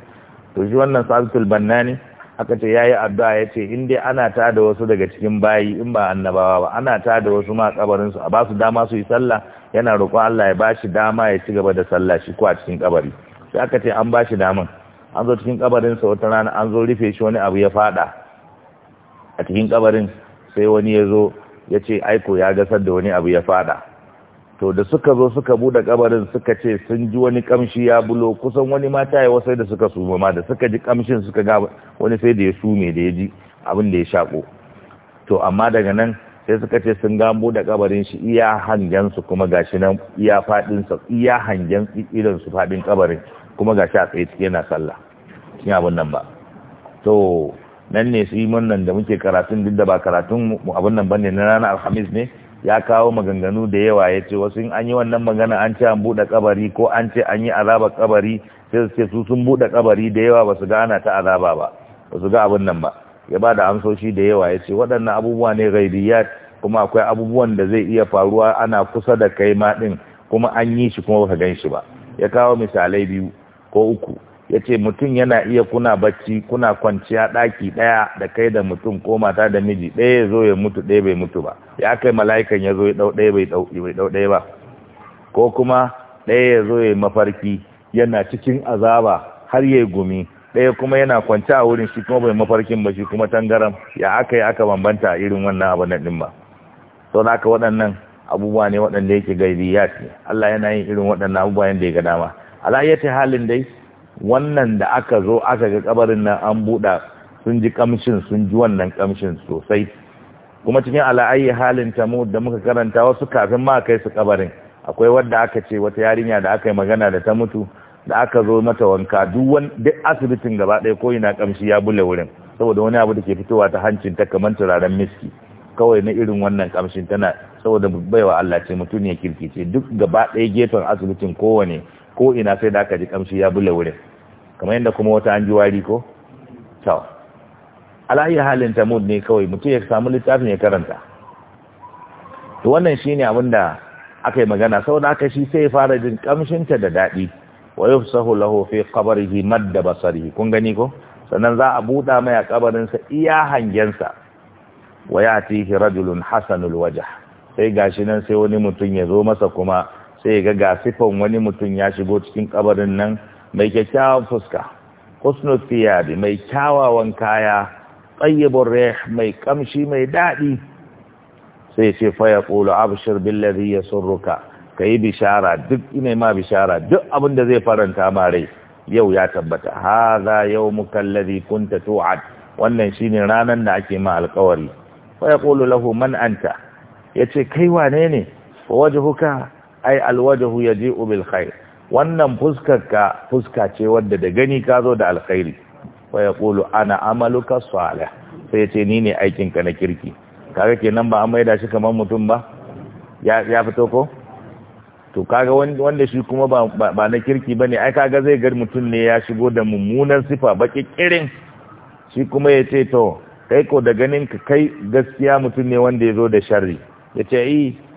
to shi wannan sabitul bannani aka ce yayi addu'a yace in dai ana ta da wasu daga cikin bayi in ba annabawa ba ana ta da wasu ma kabarin su a ba su dama su yi sallah yana roƙon Allah ya ba shi dama ya ci gaba da sallah shi ko a cikin kabari sai aka ce an ba shi daman an zo cikin kabarin sa wata rana an zo rufe shi wani abu ya fada a cikin kabarin sai wani ya zo ya ce aiko ya gasar da wani abu ya fada to da suka zo suka buɗe kabarin suka ce sun ji wani kamshi ya bulo kusan wani mata ya wasai da suka suma ma da suka ji kamshin suka ga wani sai da ya sume da ya ji abin da ya shako to amma daga nan sai suka ce sun ga buɗe kabarin shi iya hangen su kuma gashi nan iya fadin sa iya hangen irin su fadin kabarin kuma gashi a tsaye yana sallah kin abun nan ba to nan ne su yi wannan da muke karatun duk da ba karatun abin nan bane na ranar alhamis ne ya kawo maganganu da yawa ya ce wasu in an yi wannan magana an ce an buɗe kabari ko an ce an yi azabar kabari sai su ce su sun buɗe kabari da yawa ba su ga ana ta azaba ba ba su ga abin nan ba ya ba da amsoshi da yawa ya ce waɗannan abubuwa ne ghaibiyat kuma akwai abubuwan da zai iya faruwa ana kusa da kai ma din kuma an yi shi kuma ba ka gan shi ba ya kawo misalai biyu ko uku ya ce mutum yana iya kuna bacci kuna kwanciya ɗaki ɗaya da kai da mutum ko mata da miji ɗaya ya zo ya mutu ɗaya bai mutu ba ya kai mala'ikan ya zo ya ɗau ɗaya bai ɗau ɗaya ba ko kuma ɗaya ya zo ya mafarki yana cikin azaba har ya gumi ɗaya kuma yana kwanciya a wurin shi kuma bai mafarkin ba shi kuma tangaram ya aka yi aka bambanta irin wannan abu na ɗin ba sau na aka waɗannan abubuwa ne waɗanda yake ya ce Allah yana yin irin waɗannan abubuwa yadda ya ga dama ala halin dai wannan da aka zo aka ga kabarin nan an buɗa sun ji kamshin sun ji wannan kamshin sosai kuma cikin ala'ayi halin ta mu da muka karanta wasu kafin ma kai su kabarin akwai wadda aka ce wata yarinya da aka yi magana da ta mutu da aka zo mata wanka duk asibitin gaba ɗaya ko ina kamshi ya bule wurin saboda wani abu da ke fitowa ta hancin ta kamar turaren miski kawai na irin wannan kamshin tana saboda baiwa Allah ce mutum ya kirkice duk gaba ɗaya gefen asibitin kowane ko ina sai da aka ji kamshi ya bula wurin kamar yadda kuma wata an ji wari ko to alayi halin tamud ne kawai mutum ya samu littafin ya karanta to wannan shine abin da aka yi magana Sau da aka shi sai ya fara jin kamshinta da daɗi wa yufsahu lahu fi qabrihi madda basarihi kun gani ko sannan za a buɗa mai a kabarinsa iya hangensa wa yatihi rajulun hasanul wajh sai gashi nan sai wani mutum ya zo masa kuma sai ga ga wani mutum ya shigo cikin kabarin nan mai kyakkyawan fuska husnul thiyabi mai kyawawan kaya tayyibur rih mai kamshi mai daɗi. sai ce fa yaqulu abshir ruka. yasurruka kai bishara duk ina ma bishara duk abin da zai faranta ma rai yau ya tabbata hadha yawmuka alladhi kunta tu'ad wannan shine ranar da ake ma alƙawari fa yaqulu lahu man anta yace kai wane ne wajhuka ai alwajahu yaji'u bil khair wannan fuskarka fuska ce wadda da gani ka zo da alkhairi wa yaqulu ana amaluka salih sai ya ce ni ne aikin ka na kirki kaga kenan ba an maida shi kamar mutum ba ya ya fito ko to kaga wanda shi kuma ba ba na kirki bane ai kaga zai gar mutum ne ya shigo da mummunan sifa baki kirin shi kuma ya ce to kai ko da ganin ka kai gaskiya mutum ne wanda ya zo da sharri ya ce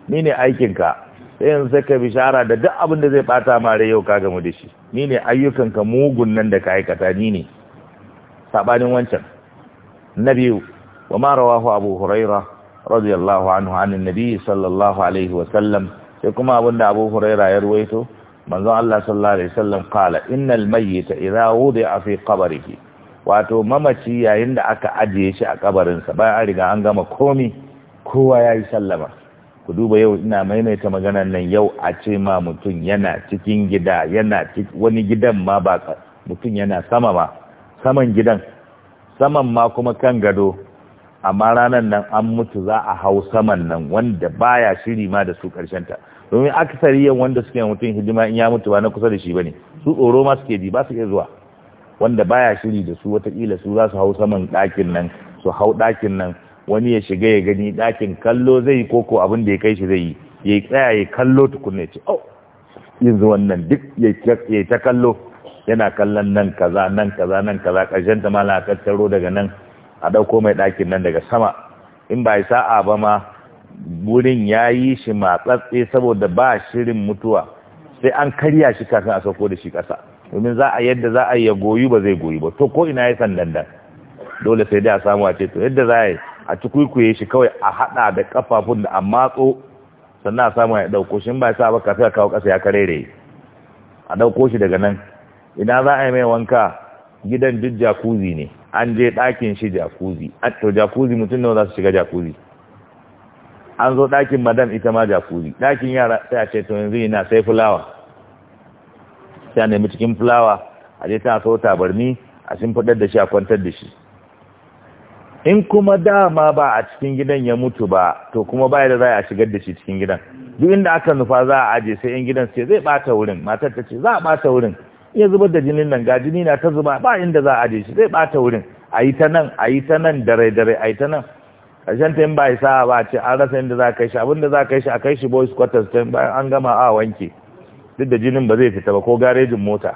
ni ne aikinka sai yanzu sai ka bishara da duk abin da zai bata ma da yau ka gamu da shi ni ne ka mugun nan da ka aikata ni ne sabanin wancan na biyu wa ma rawahu abu huraira radiyallahu anhu an annabi sallallahu alaihi wa sallam sai kuma abin da abu huraira ya ruwaito manzon Allah sallallahu alaihi wa sallam qala innal mayyita idha wudi'a fi qabrihi wato mamaci yayin da aka ajiye shi a kabarinsa bayan an riga an gama komi kowa yayi sallama ku duba yau ina maimaita maganar nan yau a ce ma mutum yana cikin gida yana wani gidan ma ba mutum yana sama ba saman gidan saman ma kuma kan gado amma ranar nan an mutu za a hau saman nan wanda baya shiri ma da su ta domin akasari yan wanda suke mutum hidima in ya mutu ba na kusa da shi bane su tsoro ma suke ji ba su iya zuwa wanda baya shiri da su watakila su za su hau saman ɗakin nan su hau ɗakin nan wani ya shiga ya gani ɗakin kallo zai yi koko abin da ya kai shi zai yi ya yi tsaya ya kallo tukunna ya ce au oh, yanzu wannan duk ya ta kallo yana kallon nan kaza nan kaza nan kaza ƙarshen ta mala tattaro daga nan a ɗauko mai ɗakin nan daga sama in ba sa'a ba ma wurin ya yi shi matsatse saboda ba shirin mutuwa sai an karya shi kafin a sauko da shi ƙasa domin za a yadda za a yi ya goyi ba zai goyi ba to ko ina ya sandan dole sai dai a samu a ce to yadda za a yi a cikuikuye shi kawai a haɗa da kafafun da a matso sannan a samu ya ɗauko shi ba sa ba kafin a kawo ƙasa ya karere a ɗauko shi daga nan ina za a yi mai wanka gidan duk jakuzi ne an je ɗakin shi jakuzi a to jakuzi mutum nawa za su shiga jakuzi an zo ɗakin madam ita ma jakuzi ɗakin yara sai a ce to yanzu yana sai fulawa sai a nemi cikin fulawa a je ta so tabarni a fadar da shi a kwantar da shi in kuma dama ba a cikin gidan ya mutu ba to kuma ba da za a shigar da shi cikin gidan duk inda aka nufa za a aje sai yan gidan sai zai bata wurin matar ta ce za a bata wurin iya zubar da jinin nan ga jini na ta zuba ba inda za a aje shi zai bata wurin a yi ta nan a yi ta nan dare dare a yi ta nan ƙarshen ta yin ba isa ba ce an rasa inda za a kai shi da za a kai shi a kai shi boys quarters ta bayan an gama a wanke duk da jinin ba zai fita ba ko garejin mota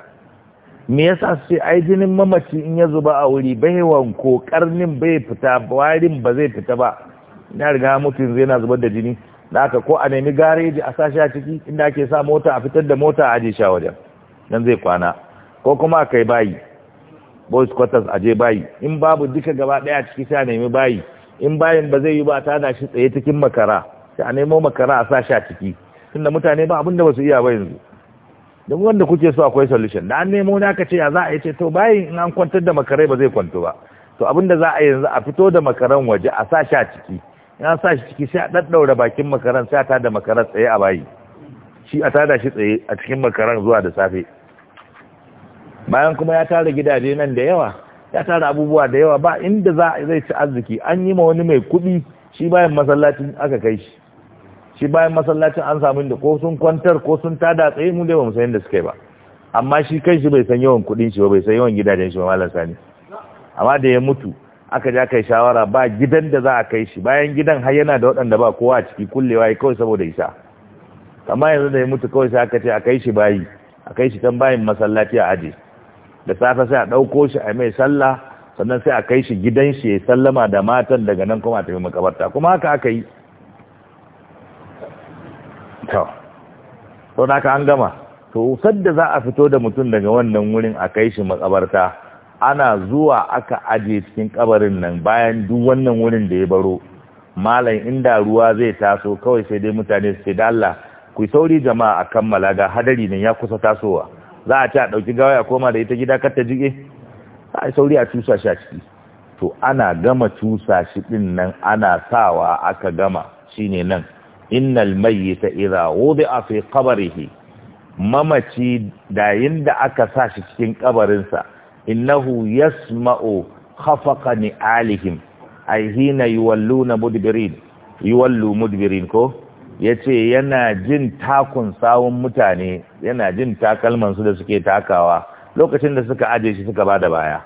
me yasa su ce ai jinin mamaci in ya zuba a wuri baiwan ko karnin bai fita warin ba zai fita ba ina riga mutum zai na zubar da jini da aka ko a nemi gareji a sashi a ciki inda ake sa mota a fitar da mota a aje a wajen nan zai kwana ko kuma a kai bayi boys quarters a je bayi in babu duka gaba daya a ciki sai a nemi bayi in bayin ba zai yi ba ta da shi tsaye cikin makara sai a nemo makara a sashi a ciki tunda mutane ba abin ba su iya ba yanzu duk wanda kuke so akwai solution da an nemo ne aka ce ya za a yi ce to bayan in an kwantar da makarai ba zai kwanto ba to abin da za a yanzu a fito da makaran waje a sa shi a ciki in sa shi ciki sai a ɗaɗɗaura bakin makaran sai a tada makaran tsaye a bayi shi a tada shi tsaye a cikin makaran zuwa da safe bayan kuma ya tara gidaje nan da yawa ya tara abubuwa da yawa ba inda za zai ci arziki an yi ma wani mai kuɗi shi bayan masallacin aka kai shi shi bayan masallacin an samu da ko sun kwantar ko sun tada tsaye mu dai ba mu san yadda suka yi ba amma shi kan shi bai san yawan kuɗin shi ba bai san yawan gidajen shi ba malam sani amma da ya mutu aka ja kai shawara ba gidan da za a kai shi bayan gidan har yana da waɗanda ba kowa a ciki kullewa ya kawai saboda isa amma yanzu da ya mutu kawai sai aka ce a kai shi bayi a kai shi kan bayin masallaci a aje da safe sai a ɗauko shi a mai sallah sannan sai a kai shi gidan shi ya sallama da matan daga nan kuma a tafi makabarta kuma haka aka yi to da ka an gama to sadda za a fito da mutum daga wannan wurin a kai shi makabarta ana zuwa aka ajiye cikin kabarin nan bayan duk wannan wurin da ya baro malam inda ruwa zai taso kawai sai dai mutane su ce dala ku sauri jama'a a kammala ga hadari nan ya kusa tasowa za a ci a ɗauki gawa ya koma da ita gida kar ta jiƙe a sauri a cusa shi a ciki to ana gama cusa shi ɗin nan ana sawa aka gama shine nan innal mayyita idza wudi'a fi qabrihi mamaci da yinda aka sa shi cikin kabarinsa innahu yasma'u khafaqani alihim ay hina yuwalluna mudbirin yuwallu mudbirin ko yace yana jin takun sawun mutane yana jin takalman su da suke takawa lokacin da suka aje shi suka bada baya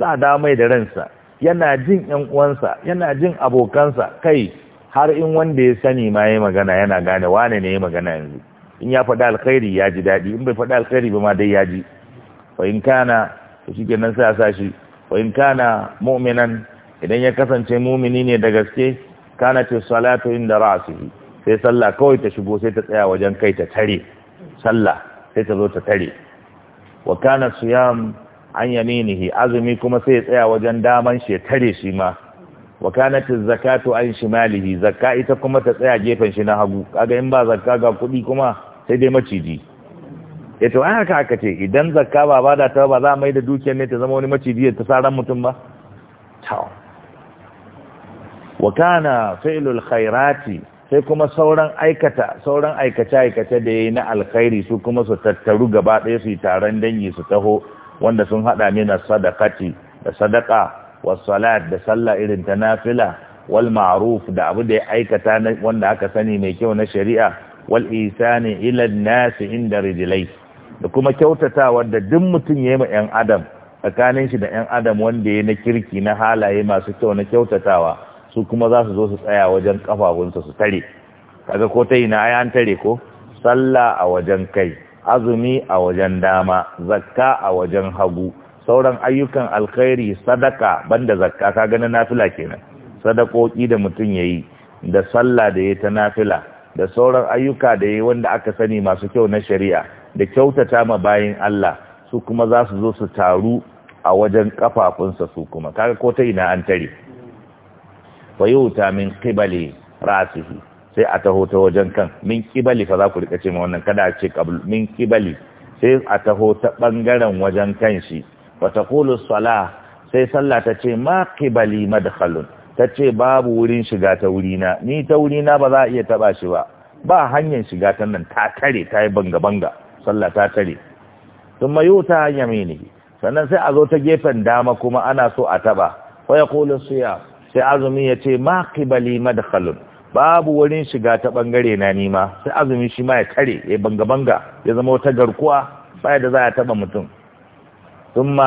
za da mai da ransa yana jin yan uwansa yana jin abokansa kai har in wanda ya sani ma ya magana yana gane wane ne ya magana yanzu in ya faɗi alkhairi ya ji daɗi in bai faɗa alkhairi ba ma dai ya ji fa in kana to kenan sai a sa shi fa in kana mu'minan idan ya kasance mumini ne da gaske kana ce salatu inda ra'asihi sai sallah kawai ta shigo sai ta tsaya wajen kai ta tare sallah sai ta zo ta tare wa kana siyam an yaminihi azumi kuma sai ya tsaya wajen daman shi ya tare shi ma wa kanat zakatu an shimalihi zakka ita kuma ta tsaya gefen shi na hagu kaga in ba zakka ga kudi kuma sai dai maciji eh to haka aka ce idan zakka ba ba da ta ba za mai da dukiyar ne ta zama wani maciji ta saran mutum ba to wa kana fi'lul khairati sai kuma sauran aikata sauran aikace aikace da yayi na alkhairi su kuma su tattaru gaba ɗaya su yi taron dangi su taho wanda sun hada mina sadaqati da sadaqa wassalat da sallah irin ta nafila wal ma'ruf da abu da ya aikata wanda aka sani mai kyau na shari'a wal isani ila nasi inda rijilai da kuma kyautatawa da duk mutum yi ma yan adam tsakanin shi da yan adam wanda ya na kirki na halaye masu kyau na kyautatawa su kuma za su zo su tsaya wajen kafafunsa su tare kaga ko ta ina ai an tare ko sallah a wajen kai azumi a wajen dama zakka a wajen hagu sauran ayyukan alkhairi sadaka banda zakka ka ganin nafila kenan sadakoki da mutum yayi da sallah da yayi ta nafila da sauran ayyuka da yayi wanda aka sani masu kyau na shari'a da kyautata ma bayin Allah su kuma za su zo su taru a wajen kafafunsa su kuma kaga ko ta ina an tare fa yuta min qibali rasihi sai a taho ta wajen kan min qibali fa za ku rika ce wannan kada a ce min qibali sai a taho ta bangaren wajen kan shi wa sala sai sallah ta ce ma madkhalun ta ce babu wurin shiga ta wurina ni ta wurina ba za a iya taba shi ba ba hanyar shiga ta nan ta tare ta yi banga-banga sallah ta tare sun mayu ta yamini sannan sai a zo ta gefen dama kuma ana so a taba waya kolin siya sai azumi ya ce ma kibali madkhalun babu wurin shiga ta bangare na nima sai azumi shi ma ya tare ya banga-banga ya zama wata garkuwa baya da za a taba mutum ثم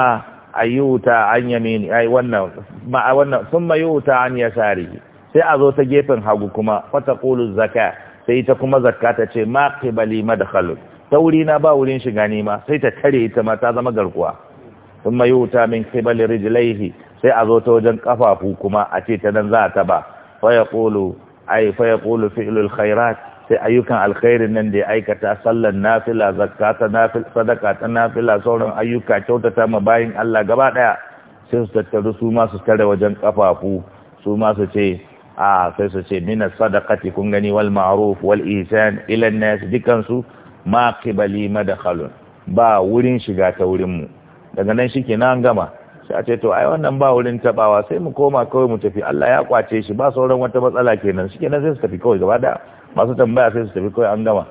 ايوتا عن يمين اي wannan ma wannan thumma yuta an yasari sai azo ta gefen hagu kuma fataqulu zakat sai ta kuma zakka ta ce ma qibali madkhalu tauri na ba wurin shiga ne ma sai ta tare ita ma ta zama garkuwa thumma yuta min qibali rijlaihi sai a zo ta wajen kafafu kuma a ce ta dan za ta ba fa yaqulu ay fa yaqulu fi'lul khairat sai ayyukan alkhairin nan da ya aikata sallar nafila zakka ta nafila sadaka ta nafila sauran ayyuka kyautata ma bayin Allah gaba daya sai su tattaru su ma tare wajen kafafu su ma ce a sai su ce mina sadaqati kun gani wal ma'ruf wal ihsan ila nas dukan su ma qibali madkhalun ba wurin shiga ta wurin mu daga nan shike nan gama sai a ce to ai wannan ba wurin tabawa sai mu koma kawai mu tafi Allah ya kwace shi ba sauran wata matsala kenan shike nan sai su tafi kawai gaba daya masu tambaya sai su tafi kawai an gama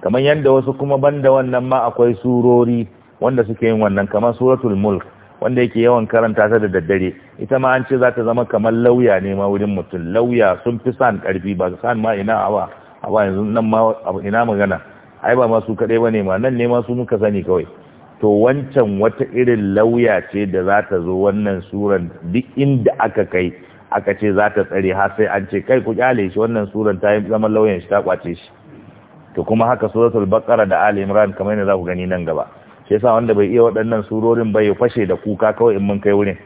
kamar yadda wasu kuma banda wannan ma akwai surori wanda suke yin wannan kamar suratul mulk wanda yake yawan karanta ta da daddare ita ma an ce za ta zama kamar lauya ne ma wurin mutum lauya sun fi san karfi ba san ma ina awa awa yanzu nan ma ina magana ai ba ma su kaɗai ba ne ma nan ne ma su muka sani kawai to wancan wata irin lauya ce da za ta zo wannan suran duk inda aka kai aka ce za ta tsare har sai an ce kai ku kyale shi wannan suran ta yi zaman lauyan shi ta kwace shi to kuma haka suratul baqara da ali imran kamar ne za ku gani nan gaba shi yasa wanda bai iya waɗannan surorin bai fashe da kuka kawai in mun kai wurin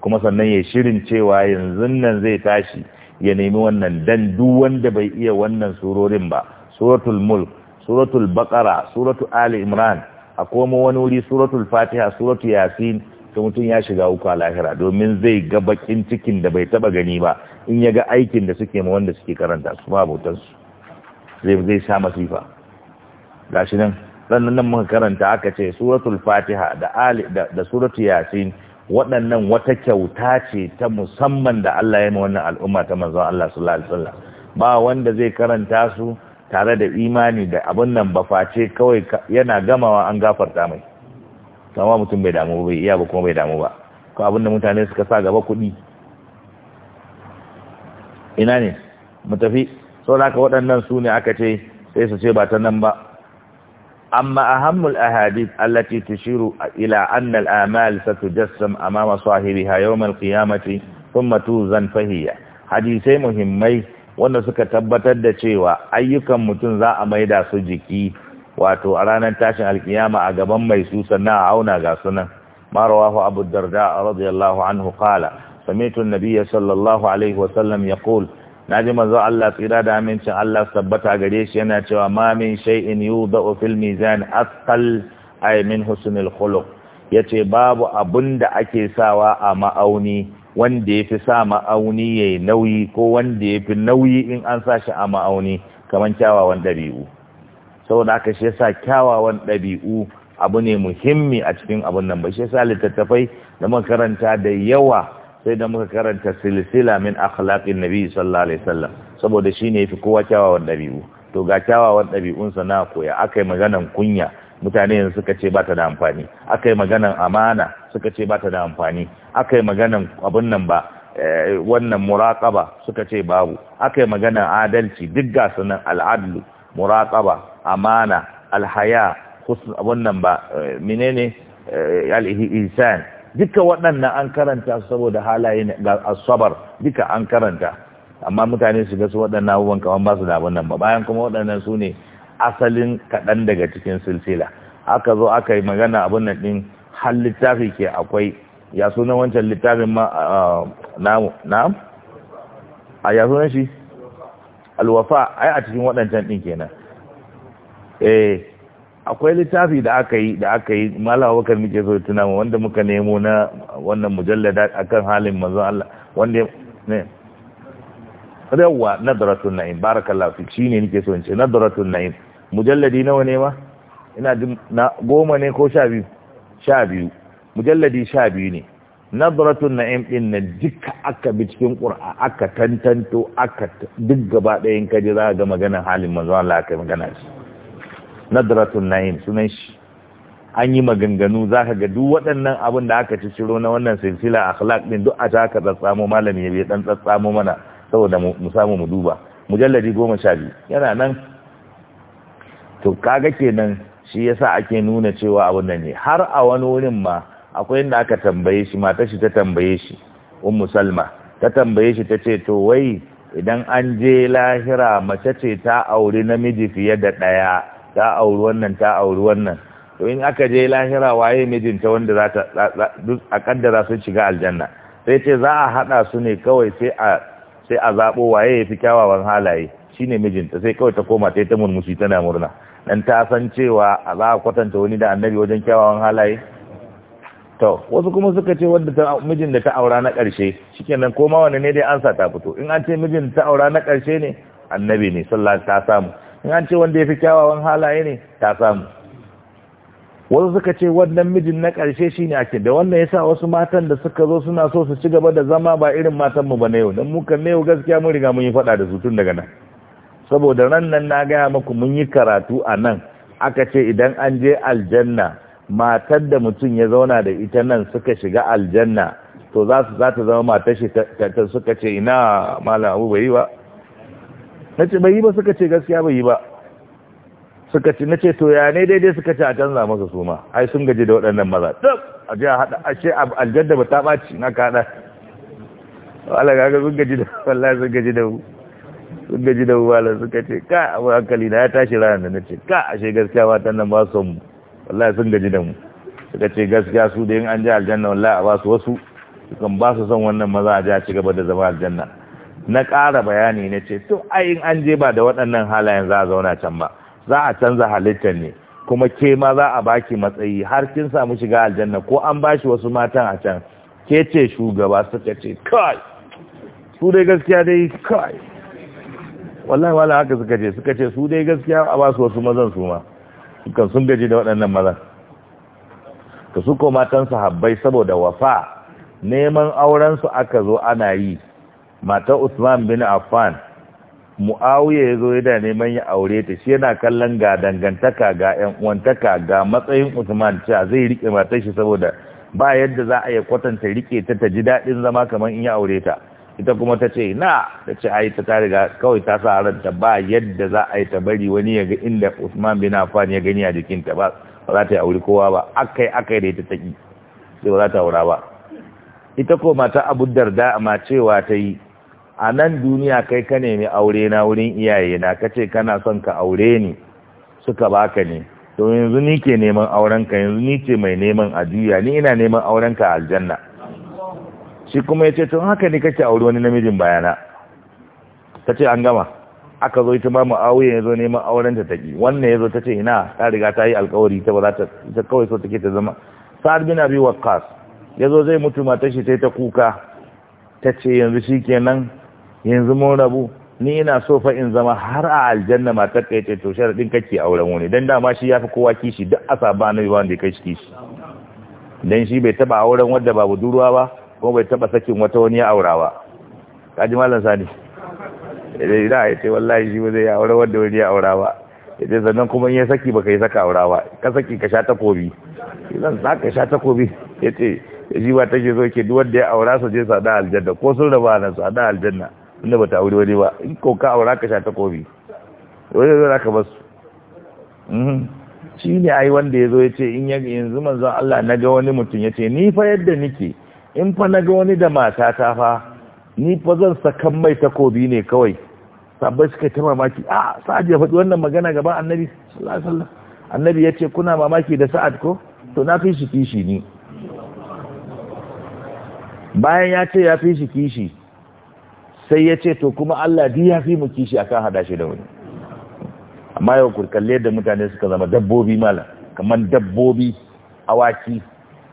kuma sannan ya shirin cewa yanzu nan zai tashi ya nemi wannan dan duk wanda bai iya wannan surorin ba suratul mulk suratul baqara suratul ali imran a komo wani wuri suratul fatiha suratul yasin sai mutum ya shiga uku lahira domin zai ga bakin cikin da bai taba gani ba in ya ga aikin da suke ma wanda suke karanta su ma abotansu zai zai sha masifa shi nan ɗan nan muka karanta aka ce suratul fatiha da ali da, da suratul yasin waɗannan wata kyauta ce ta musamman da Allah ya yi wannan al'umma ta manzon Allah sallallahu alaihi wasallam ba wanda zai karanta su tare da imani da abin nan ba face kawai yana gamawa an gafarta mai kama mutum bai damu bai iya ba kuma bai damu ba ko abinda mutane suka sa gaba kudi. ina ne mu tafi sau da waɗannan su ne aka ce sai su ce ba ta nan ba amma ahammul ahadith allati tushiru ila anna al-amal satujassam amama sahibiha yawm al-qiyamati thumma tuzan fahiya hadisai muhimmai wanda suka tabbatar da cewa ayyukan mutum za a maida su jiki wato a ranar tashin alkiyama a gaban mai su sannan a auna ga sunan marawahu abu darda radiyallahu anhu kala, sami'tu Nabiya nabiyya sallallahu alaihi wa sallam yaqul naji manzo Allah tsira da amincin Allah tabbata gare shi yana cewa ma min shay'in yudau fil mizan asqal ay min husnil khuluq yace babu da ake sawa a ma'auni wanda yafi sa ma'auni yayi nauyi ko wanda yafi nauyi in an sa shi a ma'auni kaman kyawawan dabi'u saboda haka shi yasa kyawawan ɗabi'u abu ne muhimmi a cikin abun nan ba shi yasa littattafai da muka karanta da yawa sai da muka karanta silsila min akhlaqin nabi sallallahu alaihi wasallam saboda shine yafi kowa kyawawan ɗabi'u to ga kyawawan ɗabi'unsa na koya akai maganan kunya mutane yanzu suka ce ba ta da amfani akai maganan amana suka ce ba ta da amfani akai maganan abun nan ba eh, wannan muraƙaba suka ce babu akai maganan adalci duk ga sunan al'adlu muraƙaba amana alhaya husn wannan ba eh, menene eh, al-ihsan duka waɗannan an karanta saboda halaye ga asabar duka an karanta amma mutane su ga su waɗannan abubuwan kamar ba su da wannan nan ba bayan kuma waɗannan su ne asalin kaɗan daga cikin silsila aka zo aka yi magana abin nan ɗin har littafi ke akwai ya suna wancan littafin ma ah, namu na'am a ah, ya suna shi alwafa ai a cikin waɗancan ɗin kenan eh akwai littafi da aka yi da aka yi malam wakar muke so tuna mu wanda muka nemo na wannan mujallada akan halin manzon Allah wanda ne yawa nadratun na'im barakallahu fi shine nake so in ce nadratun na'im mujalladi nawa ne ma ina jin na goma ne ko sha biyu sha biyu mujalladi sha biyu ne nadratun na'im din na duka aka bi cikin qur'a aka tantanto aka duk gaba ɗayan kaji za ga maganar halin manzon Allah aka magana shi nadratun na'im sunan shi an yi maganganu za ka ga duk waɗannan abin da aka ci ciro na wannan silsila akhlaq din duk a ta ka tsatsamo malami ya bai dan tsatsamo mana saboda mu samu mu duba mujalladi goma sha biyu yana nan to kaga kenan shi yasa ake nuna cewa abin nan ne har a wani wurin ma akwai inda aka tambaye shi mata shi ta tambaye shi ummu salma ta tambaye shi ta ce to wai idan an je lahira mace ce ta auri namiji fiye da ɗaya ta auri wannan ta auri wannan to in aka je lahira waye mijinta wanda za ta duk a kaddara sun shiga aljanna sai ce za a hada su ne kawai sai a sai a zabo waye yafi kyawawan halaye shine mijinta sai kawai ta koma ta ta murmushi tana murna dan ta san cewa a za a kwatanta wani da annabi wajen kyawawan halaye to wasu kuma suka ce wanda ta mijin da ta aura na karshe shikenan koma wani ne dai ansa ta fito in an ce mijin ta aura na karshe ne annabi ne sallallahu alaihi wasallam in an ce wanda ya fi kyawawan halaye ne ta samu wasu suka ce wannan mijin na karshe shi ne ake da wannan ya sa wasu matan da suka zo suna so su ci gaba da zama ba irin matanmu ba na yau don muka na yau gaskiya mun riga mun yi faɗa da su tun daga nan saboda ran nan na gaya maku mun yi karatu a nan aka ce idan an je aljanna matar da mutum ya zauna da ita nan suka shiga aljanna to za su za ta zama matar shi ta suka ce ina malam abu bai yi ba na ce bai yi ba suka ce gaskiya bai yi ba suka ce na ce to ya ne daidai suka ce a canza masa su ma ai sun gaji da waɗannan maza duk a je a haɗa a ce aljanda ba ta ɓaci na kaɗa wala ga ga sun gaji da wallahi sun gaji da sun gaji da wala suka ce ka abu hankali na ya tashi ranar da na ce ka ashe gaskiya ta nan ba su mu wallahi sun gaji da mu suka ce gaskiya su da yin an je aljanna wallahi a ba su wasu sukan ba su son wannan maza a je a ci gaba da zama aljanna na ƙara bayani na ce to in an je ba da waɗannan halayen za a zauna can ba za a canza halittar ne kuma ke ma za a baki matsayi har kin samu shiga aljanna ko an bashi wasu matan a can ke ce shugaba suka ce kai su dai gaskiya dai kai wallahi wala haka suka ce suka ce su dai gaskiya a ba su wasu mazan su ma kan sun gaji da waɗannan mazan ka su ko matan sahabbai saboda wafa neman auren su aka zo ana yi mata Usman bin Affan Muawiya yazo yana neman ya aure ta shi yana kallon ga dangantaka ga 'yan uwantaka ga matsayin Usman cewa zai rike matar shi saboda ba yadda za a yi kwatanta rike ta ta ji daɗin zama kamar in ya aure ta ita kuma ta ce na ta ce ai ta riga kawai ta sa ranta ba yadda za a yi ta bari wani ya ga inda Usman bin Affan ya gani a jikinta ba ba za ta yi aure kowa ba akai akai da ita ta ki sai ba za ta aura ba ita ko mata Abu Darda amma cewa ta yi a nan duniya kai ka nemi aure na wurin iyaye na ce kana son ka aure ni suka baka ne to yanzu ni ke neman auren ka yanzu ni ce mai neman a duniya ni ina neman auren ka aljanna shi kuma yace tun haka ne kake aure wani namijin bayana ce an gama aka zo ita ma ya yazo neman auren ta taki wannan yazo tace ina ta riga ta yi alƙawari ta ba za ta ita kawai so take ta zama Sa'ad bin Abi Waqqas yazo zai mutu matar shi sai ta kuka tace yanzu shi shikenan yanzu mun rabu ni ina so fa in zama har a aljanna matar ka yace to sharadin kake auren wani dan dama shi yafi kowa kishi duk asaba na yawan da kai shi kishi dan shi bai taba auren wanda ba budurwa ba kuma bai taba sakin wata wani ya aura ba kaji malam sani idan eh, ina yace wallahi shi bai aure wanda wani ya aura ba idan sannan kuma in ya saki baka yi saka aura ba ka saki ka sha takobi idan za ka sha takobi yace shi ba take zo ke duk wanda ya aura su je sada aljanna ko sun raba nan sada aljanna inda bata aure wani ba in ko ka aura ka sha takobi wani zai ba basu mhm. shi ne ai wanda ya zo ya ce in yanzu manzon Allah na ga wani mutum ya ce ni fa yadda nike in fa na ga wani da matata fa ni fa zan sakan mai takobi ne kawai sabbai suka ta mamaki a sa'ad ya faɗi wannan magana gaba annabi sallallahu alaihi wasallam annabi ya ce kuna mamaki da sa'ad ko to na fi shi kishi ni bayan ya ce ya fi shi kishi sai ya ce to kuma Allah di ya fi mu kishi akan hada shi da wani amma yau kurkalle da mutane suka zama dabbobi mala kamar dabbobi awaki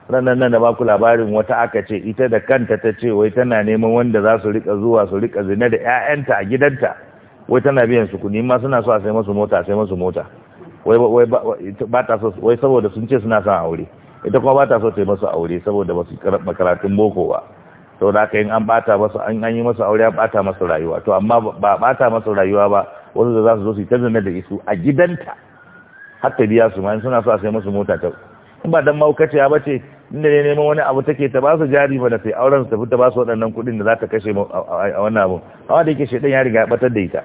ranan nan da ba ku labarin wata aka ce ita da kanta ta ce wai tana neman wanda za su rika zuwa su rika zina da ƴaƴanta a gidanta wai tana biyan su kuɗi ma suna so a sai musu mota sai musu mota wai ba ta so wai saboda sun ce suna son aure ita kuma ba ta so ta yi musu aure saboda ba su karatun boko ba To da kai yin an bata masa an yi masa aure an bata masa rayuwa to amma ba bata masa rayuwa ba wasu da za su zo su ta zane da isu a gidanta har ta biya su ma suna so a sai musu mota ta in ba dan maukaciya ba ce inda ne neman wani abu take ta ba su jari ba da sai auren su tafi ta ba su waɗannan kuɗin da za ta kashe a wannan abu amma da yake shaidan ya riga ya batar da ita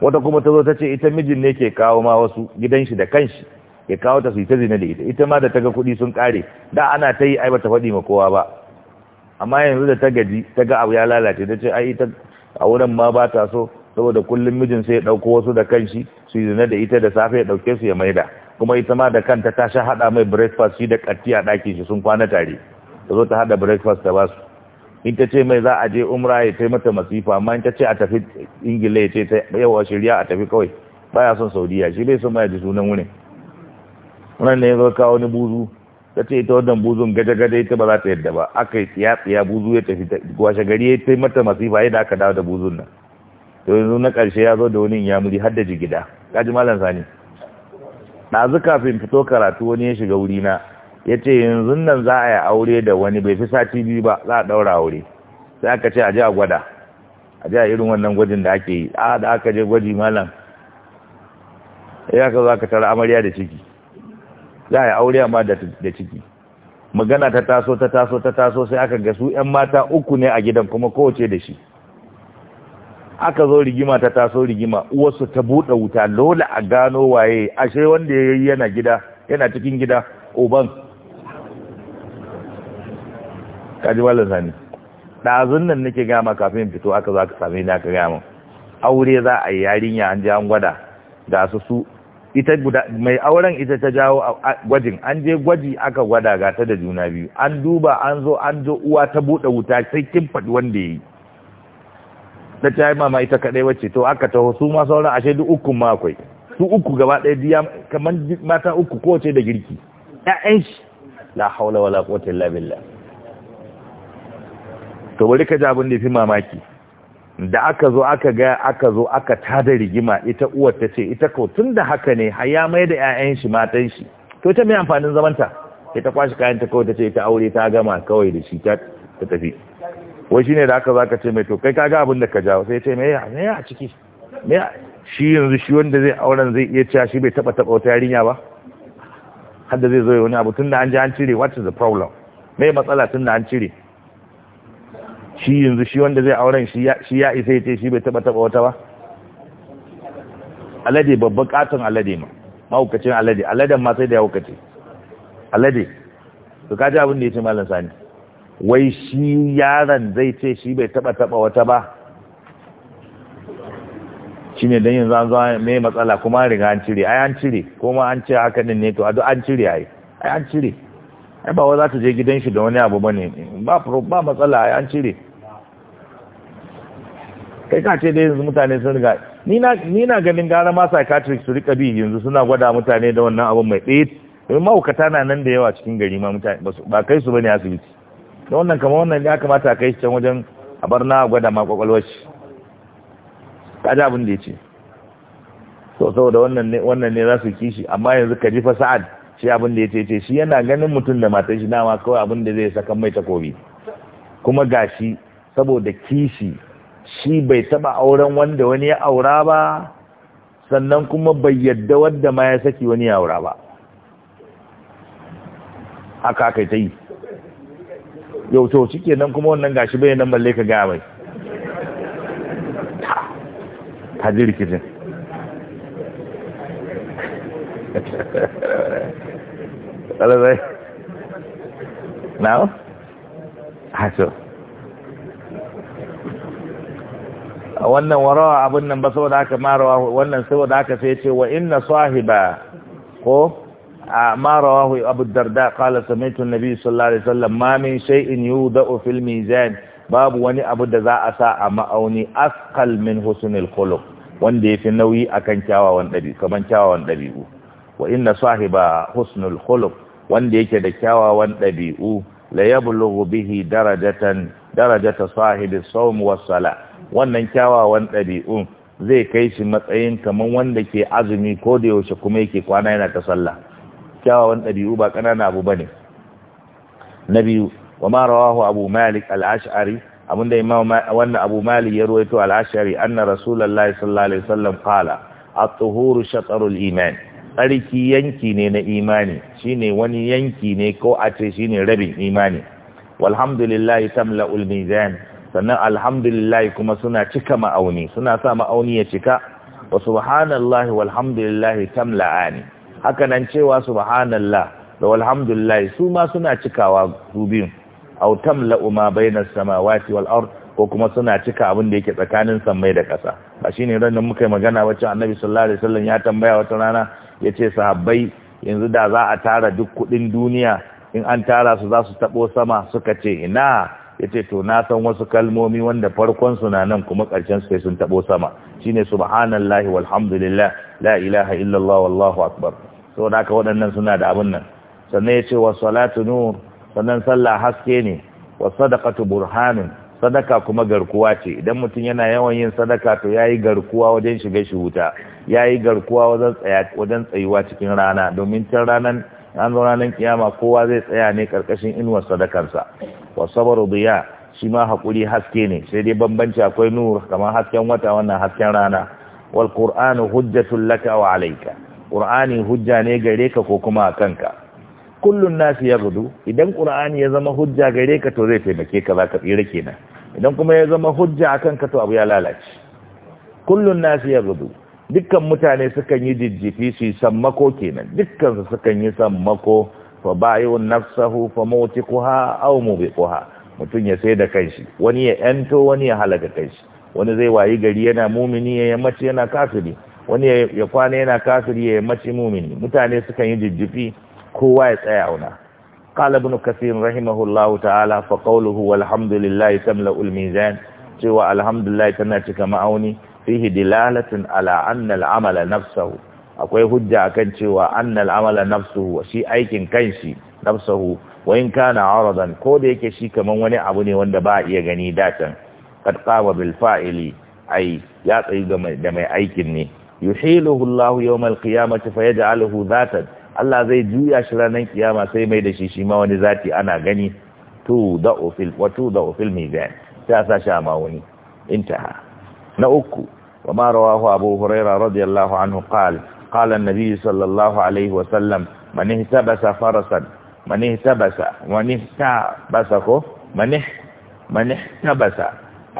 wata kuma ta zo ta ce ita mijin ne ke kawo ma wasu gidan shi da kanshi ya kawo ta su ita ta zina da ita ita ma da ta ga kuɗi sun ƙare da ana ta yi ai ba ta faɗi ma kowa ba amma yanzu da ta gaji ta ga abu ya lalace ta ce ai ita a wurin ma ba ta so saboda kullum mijin sai ya dauko wasu da kanshi su yi zina da ita da safe ya ɗauke su ya maida kuma ita ma da kanta ta sha hada mai breakfast shi da katti a ɗakin shi sun kwana tare ta zo ta hada breakfast ta basu in ta ce mai za a je umra ya ta mata masifa amma in ta ce a tafi ingila ya ce ta yawa shirya a tafi kawai baya son saudiya shi bai son ma ya ji sunan wurin wannan ne ya zo kawo ni buzu ta ce ita wannan buzun gaje-gaje ita ba za ta yadda ba aka yi tsiya buzu ya tafi washe gari ya ta mata masifa yadda aka dawo da buzun nan to yanzu na ƙarshe ya zo da wani ya muri har da jigida kaji malam sani ɗazu kafin fito karatu wani ya shiga wurina ya ce yanzu nan za a yi aure da wani bai fi sati biyu ba za a ɗaura aure sai aka ce a je a gwada a je a irin wannan gwajin da ake yi a da aka je gwaji malam ya ka zo aka tara amarya da ciki za a aure amma da ciki magana ta taso ta taso ta taso sai aka ga su yan mata uku ne a gidan kuma kowace da shi aka zo rigima ta taso rigima uwarsu ta buɗe wuta lola a gano waye ashe wanda ya yi yana gida yana cikin gida oban. kaji malam sani ɗazun nan nake gama kafin fito aka za ka same ni aka gama aure za a yi yarinya an ji an gwada ga su su ita guda mai auren ita ta jawo gwajin an je gwaji aka gwada gata da juna biyu an duba an zo an zo uwa ta buɗe wuta sai kin faɗi wanda yi. ta ta yi mama ita kaɗai wacce to aka taho su ma sauran ashe duk uku ma akwai su uku gaba ɗaya biya kamar mata uku kowace da girki ƴaƴan shi la haula wala quwwata illa billah to bari ka ji abin da fi mamaki da aka zo aka ga aka zo aka tada rigima ita uwar ta ce ita ko tun da haka ne har ya mai da 'ya'yan shi matan shi to ita mai amfanin zamanta ita kwashi kayan ta kawai ta ce ita aure ta gama kawai da shi ta tafi wai shine da aka zaka ce mai to kai kaga abin da ka jawo sai ce mai me a ciki me shi yanzu shi wanda zai auren zai iya cewa shi bai taba taba wata yarinya ba har da zai zo wani abu tunda an ji an cire what is the problem me matsala tunda an cire shi yanzu shi wanda zai auren shi ya isa ya ce shi bai taba taba wata ba alade babban katon alade ma mahukacin alade aladen ma sai da ya hukace alade su kaji abin da ya ce malin sani wai shi yaron zai ce shi bai taba taba wata ba shi ne don yin zanzuwa mai matsala kuma riga an cire ai an cire kuma an ce haka din ne to a an cire ai ai an cire ai ba wa za ta je gidan shi da wani abu ba ne ba matsala ai an cire kai ka ce da yanzu mutane sun riga ni na ganin gara ma psychiatric su rika bi yanzu suna gwada mutane da wannan abin mai tsaye domin mahaukata na nan da yawa cikin gari ma mutane ba kai su bane asibiti da wannan kama wannan ya kamata kai shi can wajen a bar na gwada ma kwakwalwar shi ka ji abin da ya ce so saboda wannan ne wannan ne za su kishi amma yanzu ka ji fa sa'ad shi abin da ya ce shi yana ganin mutum da matar shi dama kawai abin da zai saka mai takobi kuma gashi saboda kishi shi bai taba auren wanda wani ya aura ba sannan kuma bai yadda wadda ma ya saki wani ya aura ba haka kai ta yi yau to cike nan kuma wannan gashi bai nan balle ka gaya mai ta ji rikicin haso wannan warawa abin nan ba saboda aka marawa wannan saboda aka sai ce wa inna sahiba ko a marawa abu darda kala samaitu nabi sallallahu alaihi wasallam ma min shay'in yudau fil mizan babu wani abu da za a sa a ma'auni asqal min husnil khuluq wanda yafi nauyi akan kyawawan dabi kaman kyawawan dabi'u wa inna sahiba husnul khuluq wanda yake da kyawawan dabi'u la yablughu bihi darajatan darajata sahibi sawm was salat wannan kyawawan ɗabi'un zai kai shi matsayin kamar wanda ke azumi ko da yaushe kuma yake kwana yana ta sallah kyawawan ɗabi'u ba ƙanana abu bane na biyu wa ma rawahu abu malik al-ash'ari abinda imam wannan abu malik ya ruwaito al-ash'ari anna rasulullahi sallallahu alaihi wasallam qala at-tuhuru shatrul iman tsarki yanki ne na imani shine wani yanki ne ko a ce shine rabin imani walhamdulillahi tamla'ul mizan sannan alhamdulillah kuma suna cika ma'auni suna sa ma'auni ya cika wa subhanallahi walhamdulillah tamla'ani haka nan cewa subhanallah da walhamdulillah su ma suna cikawa su biyun aw tamla'u ma bainas samawati wal ard ko kuma suna cika abin da yake tsakanin sammai da ƙasa ba shine ran da muka yi magana wacce annabi sallallahu alaihi wasallam ya tambaya wata rana yace sahabbai yanzu da za a tara duk kuɗin duniya in an tara su za su tabo sama suka ce ina yace to na san wasu kalmomi wanda farkon su na nan kuma karshen su sun tabo sama shine subhanallahi walhamdulillah la ilaha illallah wallahu akbar da haka waɗannan suna da abun nan sannan yace wa salatu nur sannan sallah haske ne wa sadaqatu burhanun sadaka kuma garkuwa ce idan mutum yana yawan yin sadaka to yayi garkuwa wajen shiga shi wuta yayi garkuwa wajen tsaya wajen tsayuwa cikin rana domin can ranan an zo ranar kiyama kowa zai tsaya ne karkashin inuwar sadakarsa wa sabaru biya shi ma hakuri haske ne sai dai bambanci akwai nur kamar hasken wata wannan hasken rana wal qur'anu hujjatul laka wa alayka qur'ani hujja ne gare ka ko kuma kanka kullun nasi yaghdu idan qur'ani ya zama hujja gare ka to zai taimake ka zaka tsira kenan idan kuma ya zama hujja akan ka to abu ya lalace kullun nasi yaghdu dukkan mutane sukan yi jijjifi su yi sammako kenan dukkan su sukan yi sammako fa bayu nafsahu fa mutiquha aw mubiquha mutun ya sai da kanshi wani ya yanto wani ya halaka kanshi wani zai wayi gari yana mumini ya mace yana kafiri wani ya kwana yana kafiri ya mace mumini mutane sukan yi jijjifi kowa ya tsaya una qala ibn kasir ta'ala ta'ala fa qawluhu والحمد لله تملأ cewa alhamdulillah tana cika ma'auni fihi dilalatin ala anna al'amala nafsahu akwai hujja akan cewa annal amala nafsuhu shi aikin kanshi nafsuhu wa in kana aradan ko da yake shi kaman wani abu ne wanda ba iya gani datan kad qama bil fa'ili ai ya tsayi da mai aikin ne yuhiluhu Allah yawm al qiyamati fayaj'aluhu zatan Allah zai juya shi ranar kiyama sai mai da shi shi ma wani zati ana gani tu da fil wa tu da'u fil mizan ta sa shi ma wani intaha na uku wa ma rawahu abu hurairah radiyallahu anhu qala قال النبي صلى الله عليه وسلم من اهتبس فرسا من اهتبس من اهتبسه من من اهتبس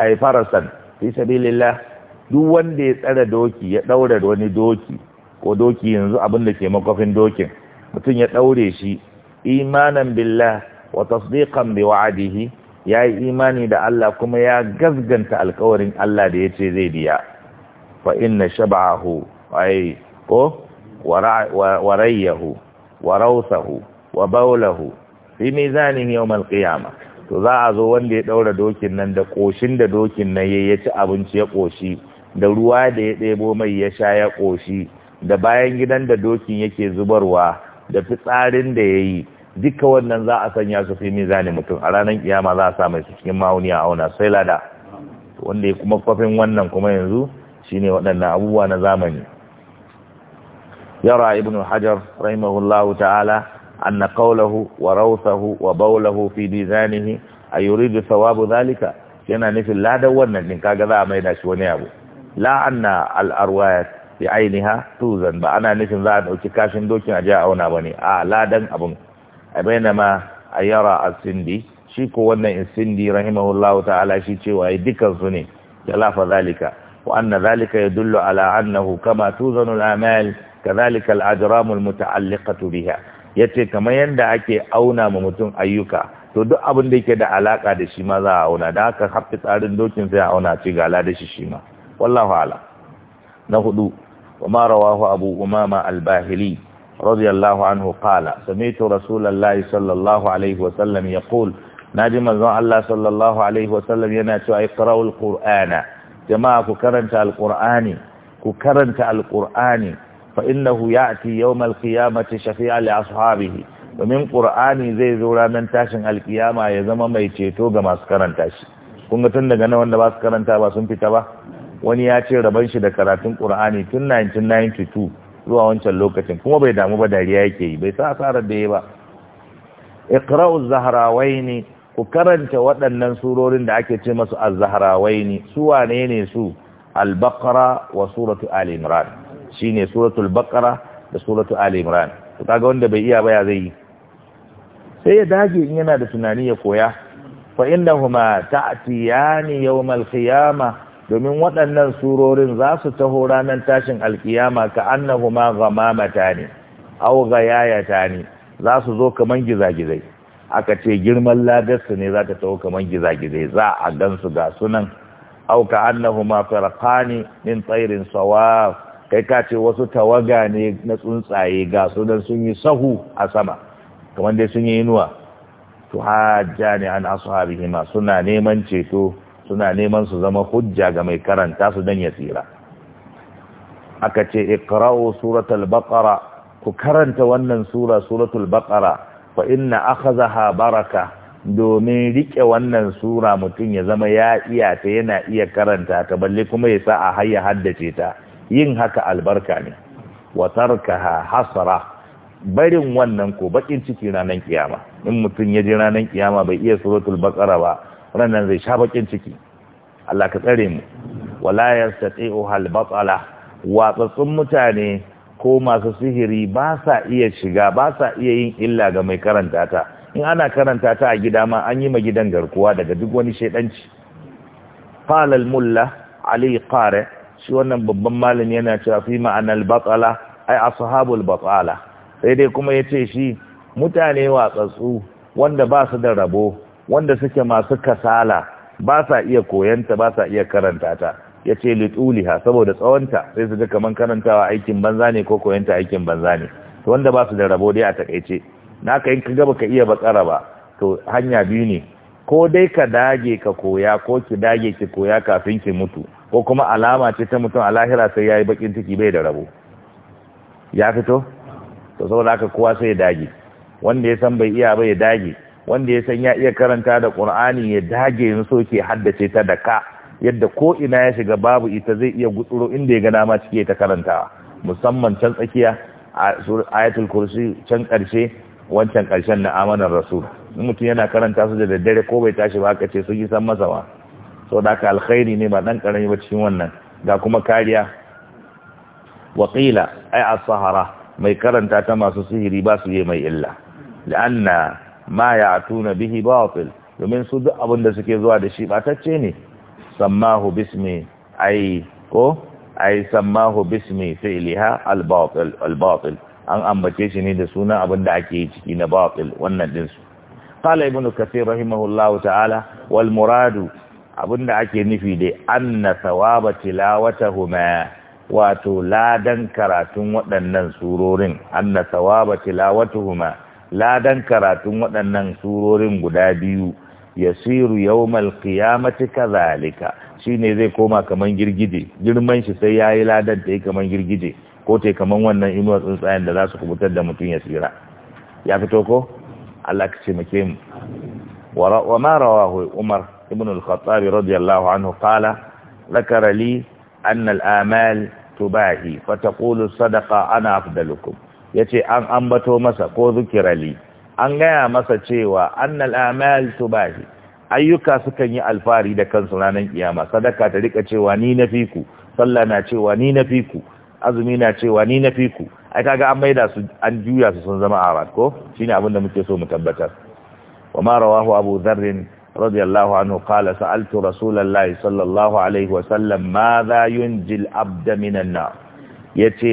أي فرسا في سبيل الله duk wanda ya tsara doki ya daura wani doki ko doki yanzu abin da ke makofin dokin mutum ya daure shi imanan billah wa tasdiqan bi wa'adihi ya yi imani da Allah kuma ya gazganta alkawarin Allah da ya ce zai biya fa inna shab'ahu ay ko warayyahu wa rausahu wa baulahu fi mizanin yawmal qiyamah to za a zo wanda ya daura dokin nan da koshin da dokin nan ya ci abinci ya koshi da ruwa da ya ɗebo mai ya sha ya koshi da bayan gidan da dokin yake zubarwa da fitsarin da ya yi duka wannan za a sanya su fi mizanin mutum a ranar kiyama za a sa mai cikin mawuni a auna sai lada wanda ya kuma kwafin wannan kuma yanzu shine waɗannan abubuwa na zamani يرى ابن حجر رحمه الله تعالى أن قوله وروثه وبوله في ميزانه أيريد ثواب ذلك yana nufin ladan wannan din kaga za a maida shi wani abu la anna al arwayat bi ainiha tuzan ba ana nufin za a dauki kashin dokin a je a auna bane a ladan abun a bainama a yara a sindi shi ko wannan in sindi rahimahullahu ta'ala shi cewa ai dukan su ne ya lafa zalika wa anna zalika yadullu ala annahu kama tuzanu al amal kadhalika al-ajramu al-muta'alliqatu biha yace kamar yanda ake auna ma mutum ayyuka to duk abin da yake da alaka da shi ma za a auna da haka hafi tsarin dokin sai a auna ci gala da shi shi ma wallahu ala na hudu وما رواه أبو أمامة الباهلي رضي الله عنه قال سمعت رسول الله صلى الله عليه وسلم يقول ناجم الله صلى الله عليه وسلم يناتو اقرأوا القرآن جماعة ku karanta al القرآن fa innahu ya'ti yawm al-qiyamati shafi'a li domin qur'ani zai zo ranar tashin alkiyama ya zama mai ceto ga masu karanta shi kun ga tun daga na wanda ba su karanta ba sun fita ba wani ya ce rabon shi da karatun qur'ani tun 1992 zuwa wancan lokacin kuma bai damu ba dariya yake yi bai sa asarar da ya ba iqra'u zahrawaini ku karanta waɗannan surorin da ake ce masu az-zahrawaini su wane ne su al wa suratu al-imran ne suratul bakara da suratul alimran imran kaga wanda bai iya baya zai yi sai ya dage in yana da tunani ya koya fa innahuma ta'tiyani yau malkiyama domin waɗannan surorin za su taho ranar tashin alkiyama ka annahuma gamamata ne au gayayata ne za su zo kaman gizagizai aka ce girman ladarsu ne za ta taho kamar gizagizai za a gansu ga sunan au ka annahuma farqani min tsairin sawaf kai ka ce wasu tawaga ne na tsuntsaye ga su don sun yi sahu a sama kamar dai sun yi inuwa to hajja ne an ashabihima suna neman ceto suna neman su zama hujja ga mai karanta su don ya tsira aka ce iqra'u suratul baqara ku karanta wannan sura suratul baqara fa inna zaha baraka domin rike wannan sura mutum ya zama ya iya ta yana iya karanta ta balle kuma ya sa a hayya haddace ta yin haka albarka ne wa ka hasara barin wannan ko bakin ciki ranar kiyama in mutum ya ji ranar kiyama bai iya suratul baqara ba ranar zai sha bakin ciki Allah ka tsare mu wala yastati'u hal batala watsatsun mutane ko masu sihiri ba sa iya shiga ba sa iya yin illa ga mai karanta ta in ana karanta ta a gida ma an yi ma gidan garkuwa daga duk wani shedanci qala al mulla ali qari shi wannan babban malami yana cewa fi ma'anar batsala ai ashabul batsala sai dai kuma ya ce shi mutane watsatsu wanda ba su da rabo wanda suke masu kasala ba sa iya koyanta ba sa iya karanta ta ya ce litsuliha saboda tsawonta sai su ga kamar karantawa aikin banza ne ko koyanta aikin banza ne wanda ba su da rabo dai a takaice na ka yin kaga baka iya bakara ba to hanya biyu ne ko dai ka dage ka koya ko ki dage ki koya kafin ki mutu ko kuma alama ce ta mutum a lahira sai ya yi bakin ciki bai da rabo ya fito to saboda haka kowa sai ya dage wanda ya san bai iya ba ya dage wanda ya san ya iya karanta da qur'ani ya dage in so ke haddace ta da ka yadda ko ina ya shiga babu ita zai iya gutsuro inda ya ga dama cike ta karantawa musamman can tsakiya a ayatul kursi can karshe wancan karshen na amanar rasul in mutum yana karanta su da daddare ko bai tashi ba aka ce sun yi san masa ba sau da aka alkhairi ne ba ɗan ƙarami ba cikin wannan ga kuma kariya waƙila ai a sahara mai karanta ta masu sihiri ba su yi mai illa la'anna ma ya tuna bihi batil domin su duk abin da suke zuwa da shi ce ne sammahu bismi ai ko ai sammahu bismi fi'liha al al an ambace shi ne da suna abin da ake yi ciki na batil wannan din su qala ibnu kathir rahimahullahu ta'ala wal muradu abin da ake nufi dai anna sawaba tilawatahuma wato ladan karatun waɗannan surorin anna sawaba tilawatuhuma ladan karatun waɗannan surorin guda biyu yasiru yawmal qiyamati kadhalika shine zai koma kaman girgije girman shi sai yayi ladan ta yi kaman girgije ko ta kaman wannan inuwar tsuntsayen da za su kubutar da mutum ya tsira ya fito ko Allah ka ce mu wa ma rawahu umar ibn al-khattab radiyallahu anhu qala ذكر لي أن الآمال تباهي فتقول الصدقة أنا أفضلكم yace an ambato masa ko zikira li an gaya masa cewa annal amal tubahi ayyuka sukan yi alfahari da kansu ranar kiyama sadaka ta rika cewa ni na fi ku sallah na cewa ni na fi ku azumi na cewa ni na fi ku ai kaga an maida su an juya su sun zama arad ko shine abin da muke so mu tabbatar wa ma rawahu abu dharr رضي anhu عنه قال سألت sallallahu alaihi صلى الله yunjil وسلم ماذا ينجي الأبد na tambayi يتي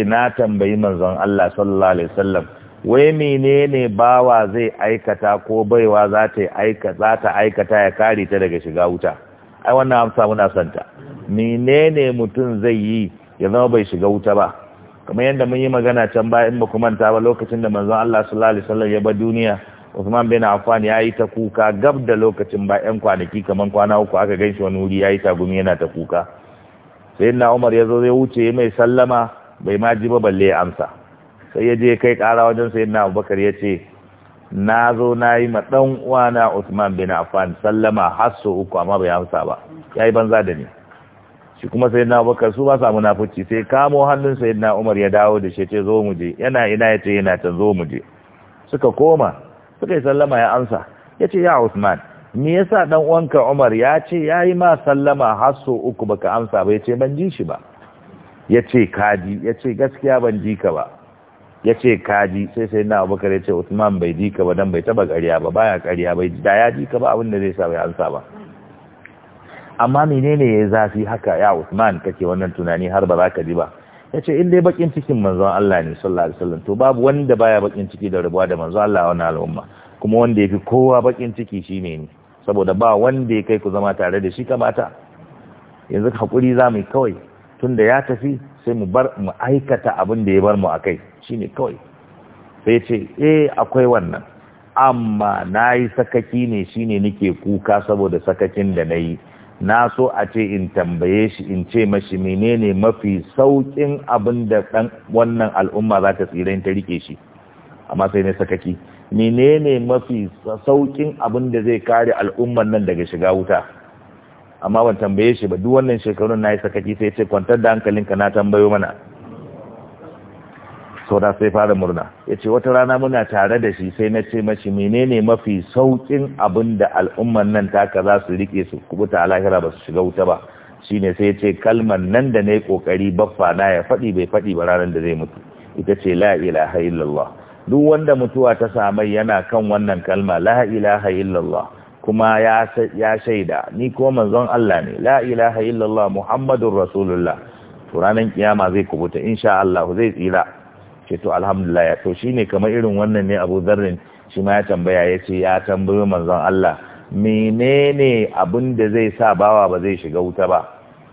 Allah sallallahu alaihi الله wai menene bawa zai aikata ko baiwa za aikata ya kare ta daga shiga wuta ai wannan amsa muna santa menene mutum zai yi ya zama bai shiga wuta ba kamar yadda mun yi magana can bayan in ba ku manta ba lokacin da manzon Allah sallallahu alaihi wasallam ya ba duniya Usman bin Affan ya yi ta kuka gab da lokacin ba kwanaki kaman kwana uku aka ganshi wani wuri ya yi tagumi yana ta kuka sai na Umar ya zo ya wuce mai sallama bai ma ji ba balle ya amsa sai ya je kai kara wajen sai na Abubakar ya ce na zo na yi ma ɗan uwana Usman bin Affan sallama har so uku amma bai amsa ba ya yi banza da ni shi kuma sai na Abubakar su ba sa munafuci sai kamo hannun sai na umar ya dawo da shi ce zo mu je yana ina ya ce yana ta zo mu je suka koma suka yi sallama ya amsa ya ce ya Usman me yasa dan uwanka Umar ya ce yayi ma sallama har so uku baka amsa ba yace ban ji shi ba yace kaji yace gaskiya ban ji ka ba yace kaji sai sai na Abubakar yace Usman bai ji ka ba dan bai taba karya ba baya karya bai da ya ji ka ba abin da zai sa bai amsa ba amma menene yayi zafi haka ya Usman kake wannan tunani har ba za ka ji ba ya ce in dai bakin cikin manzon Allah ne sallallahu alaihi wasallam to babu wanda baya bakin ciki da rabuwa da manzon Allah wannan al'umma kuma wanda yafi kowa bakin ciki shine ni saboda ba wanda ya kai ku zama tare da shi kamata yanzu hakuri za mu kawai tunda ya tafi sai mu bar mu aikata abin da ya bar mu akai shine kawai sai ce eh akwai wannan amma nayi sakaki ne shine nake kuka saboda sakakin da nayi na so a ce in tambaye shi in ce mashi menene mafi saukin abin da ɗan wannan al'umma za ta tsira ta rike shi amma sai ne sakaki menene mafi saukin abin da zai kare al'ummar nan daga shiga wuta amma ban tambaye shi ba duk wannan shekarun na yi sakaki sai ce kwantar da hankalinka na tambayo mana saura sai fara murna ya ce wata rana muna tare da shi sai na ce mashi menene mafi saukin abin da al'ummar nan taka za su rike su kubuta a lahira ba su shiga wuta ba shine sai ya ce kalmar nan da na yi kokari baffa na ya faɗi bai faɗi ba ranar da zai mutu ita ce la ilaha illallah duk wanda mutuwa ta samai yana kan wannan kalma la ilaha illallah kuma ya shaida ni ko manzon Allah ne la ilaha illallah muhammadur rasulullah ranar kiyama zai kubuta insha Allah zai tsira ce to alhamdulillah to shine kamar irin wannan ne Abu Zarrin shi ma ya tambaya ya ce ya tambayo manzon Allah menene abin da zai sa bawa ba zai shiga wuta ba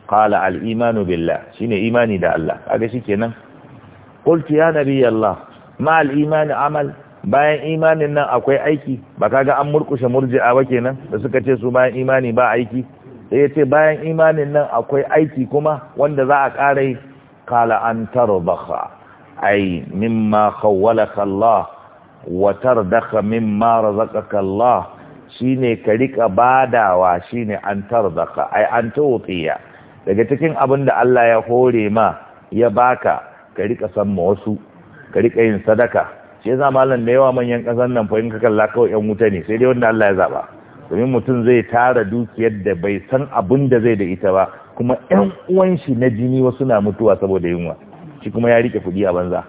qala al imanu billah shine imani da Allah kaga shikenan qultu ya nabi Allah ma al imani amal bayan imanin nan akwai aiki ba kaga an murkushe murji'a ba kenan da suka ce su bayan imani ba aiki sai yace bayan imanin nan akwai aiki kuma wanda za a kare qala an tarbaha أي مما خولك الله وتردخ مما رزقك الله shine ka rika badawa shine an tarzaka ai an tawfiya daga cikin abin da Allah ya hore ma ya baka ka rika san ma wasu ka rika yin sadaka shi yasa malam da yawa manyan kasan nan fa in ka kalla kawai yan wuta ne sai dai wanda Allah ya zaba domin mutum zai tara dukiyar da bai san abin da zai da ita ba kuma yan uwan shi na jini wasu na mutuwa saboda yunwa shi kuma ya rike kuɗi a banza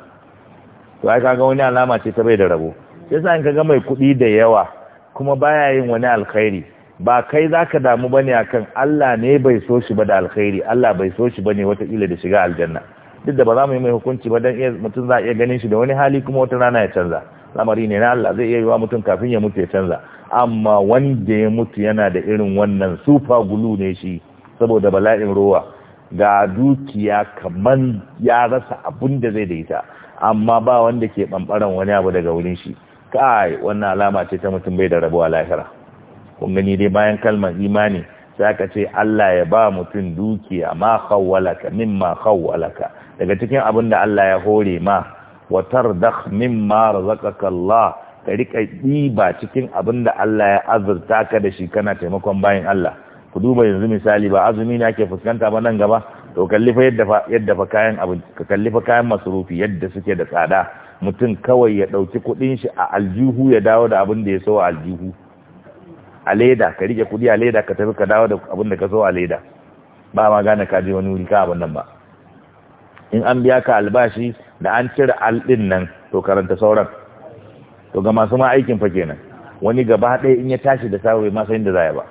to ai kaga wani alama ce ta bai da rabo sai sa in kaga mai kuɗi da yawa kuma baya yin wani alkhairi ba kai zaka damu bane akan Allah ne bai so shi ba da alkhairi Allah bai so shi bane wata kila da shiga aljanna duk da ba za mu yi mai hukunci ba dan mutum za a iya ganin shi da wani hali kuma wata rana ya canza lamari ne na Allah zai iya yi wa mutum kafin ya mutu ya canza amma wanda ya mutu yana da irin wannan super glue ne shi saboda bala'in ruwa. ga dukiya kamar ya rasa abun da zai da ita amma ba wanda ke ɓamɓaran wani abu daga wurin shi kai wannan alama ce ta mutum bai da rabuwa lahira kun gani dai bayan kalmar imani sai aka ce Allah ya ba mutum dukiya ma khawwalaka mimma khawwalaka daga cikin abin da Allah ya hore ma wa tardakh mimma razaqaka Allah ka rika ɗiba cikin abin da Allah ya azurta ka da shi kana taimakon bayan Allah ku duba yanzu misali ba azumi ne ake fuskanta ba nan gaba to kalli fa yadda fa yadda fa kayan abin ka kalli fa kayan masrufi yadda suke da tsada mutum kawai ya dauki kudin shi a aljihu ya dawo da abin da ya so a aljihu a leda ka rike kudi a leda ka tafi ka dawo da abin da ka so a leda ba ma gane ka je wani wuri ka abin nan ba in an biya ka albashi da an cire aldin nan to karanta sauran to ga masu ma aikin fa kenan wani gaba ɗaya in ya tashi da sawe ma sai inda za ya ba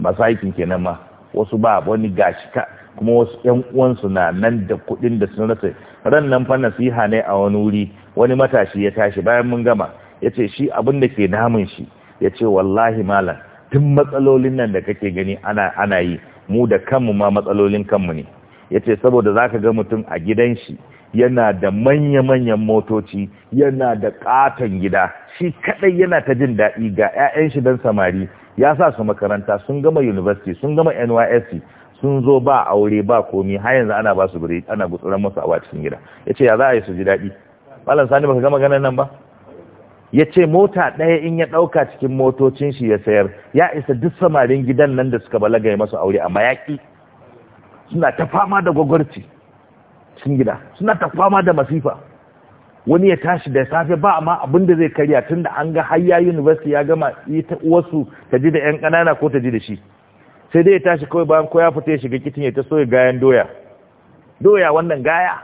masu aikin kenan ma wasu ba wani gashi ka kuma wasu 'yan uwansu na nan da kuɗin da sun rasa ran nan fa nasiha ne a wani wuri wani matashi ya tashi bayan mun gama yace shi abin da ke namun shi yace wallahi malam tun matsalolin nan da kake gani ana ana yi mu da kanmu ma matsalolin kanmu ne yace saboda zaka ga mutum a gidan shi yana da manya-manyan motoci yana da katon gida shi kadai yana ta jin daɗi ga 'ya'yan shi don samari ya sa su makaranta sun gama university sun gama NYSC sun zo ba aure ba komi har yanzu ana ba su bire ana gutsuran musu a cikin gida yace ya za a yi su ji daɗi malam sani baka gama ganin nan ba yace mota ɗaya in ya ɗauka cikin motocin shi ya sayar ya isa duk samarin gidan nan da suka balaga ya masu aure amma yaki suna ta fama da gwagwarci cikin gida suna ta fama da masifa wani ya tashi da safe ba amma abin da zai karya tun da an ga hayya university ya gama ita wasu ta ji da yan kanana ko ta ji da shi sai dai ya tashi kawai bayan ko ya fita ya shiga kitin ya ta soya gayan doya doya wannan gaya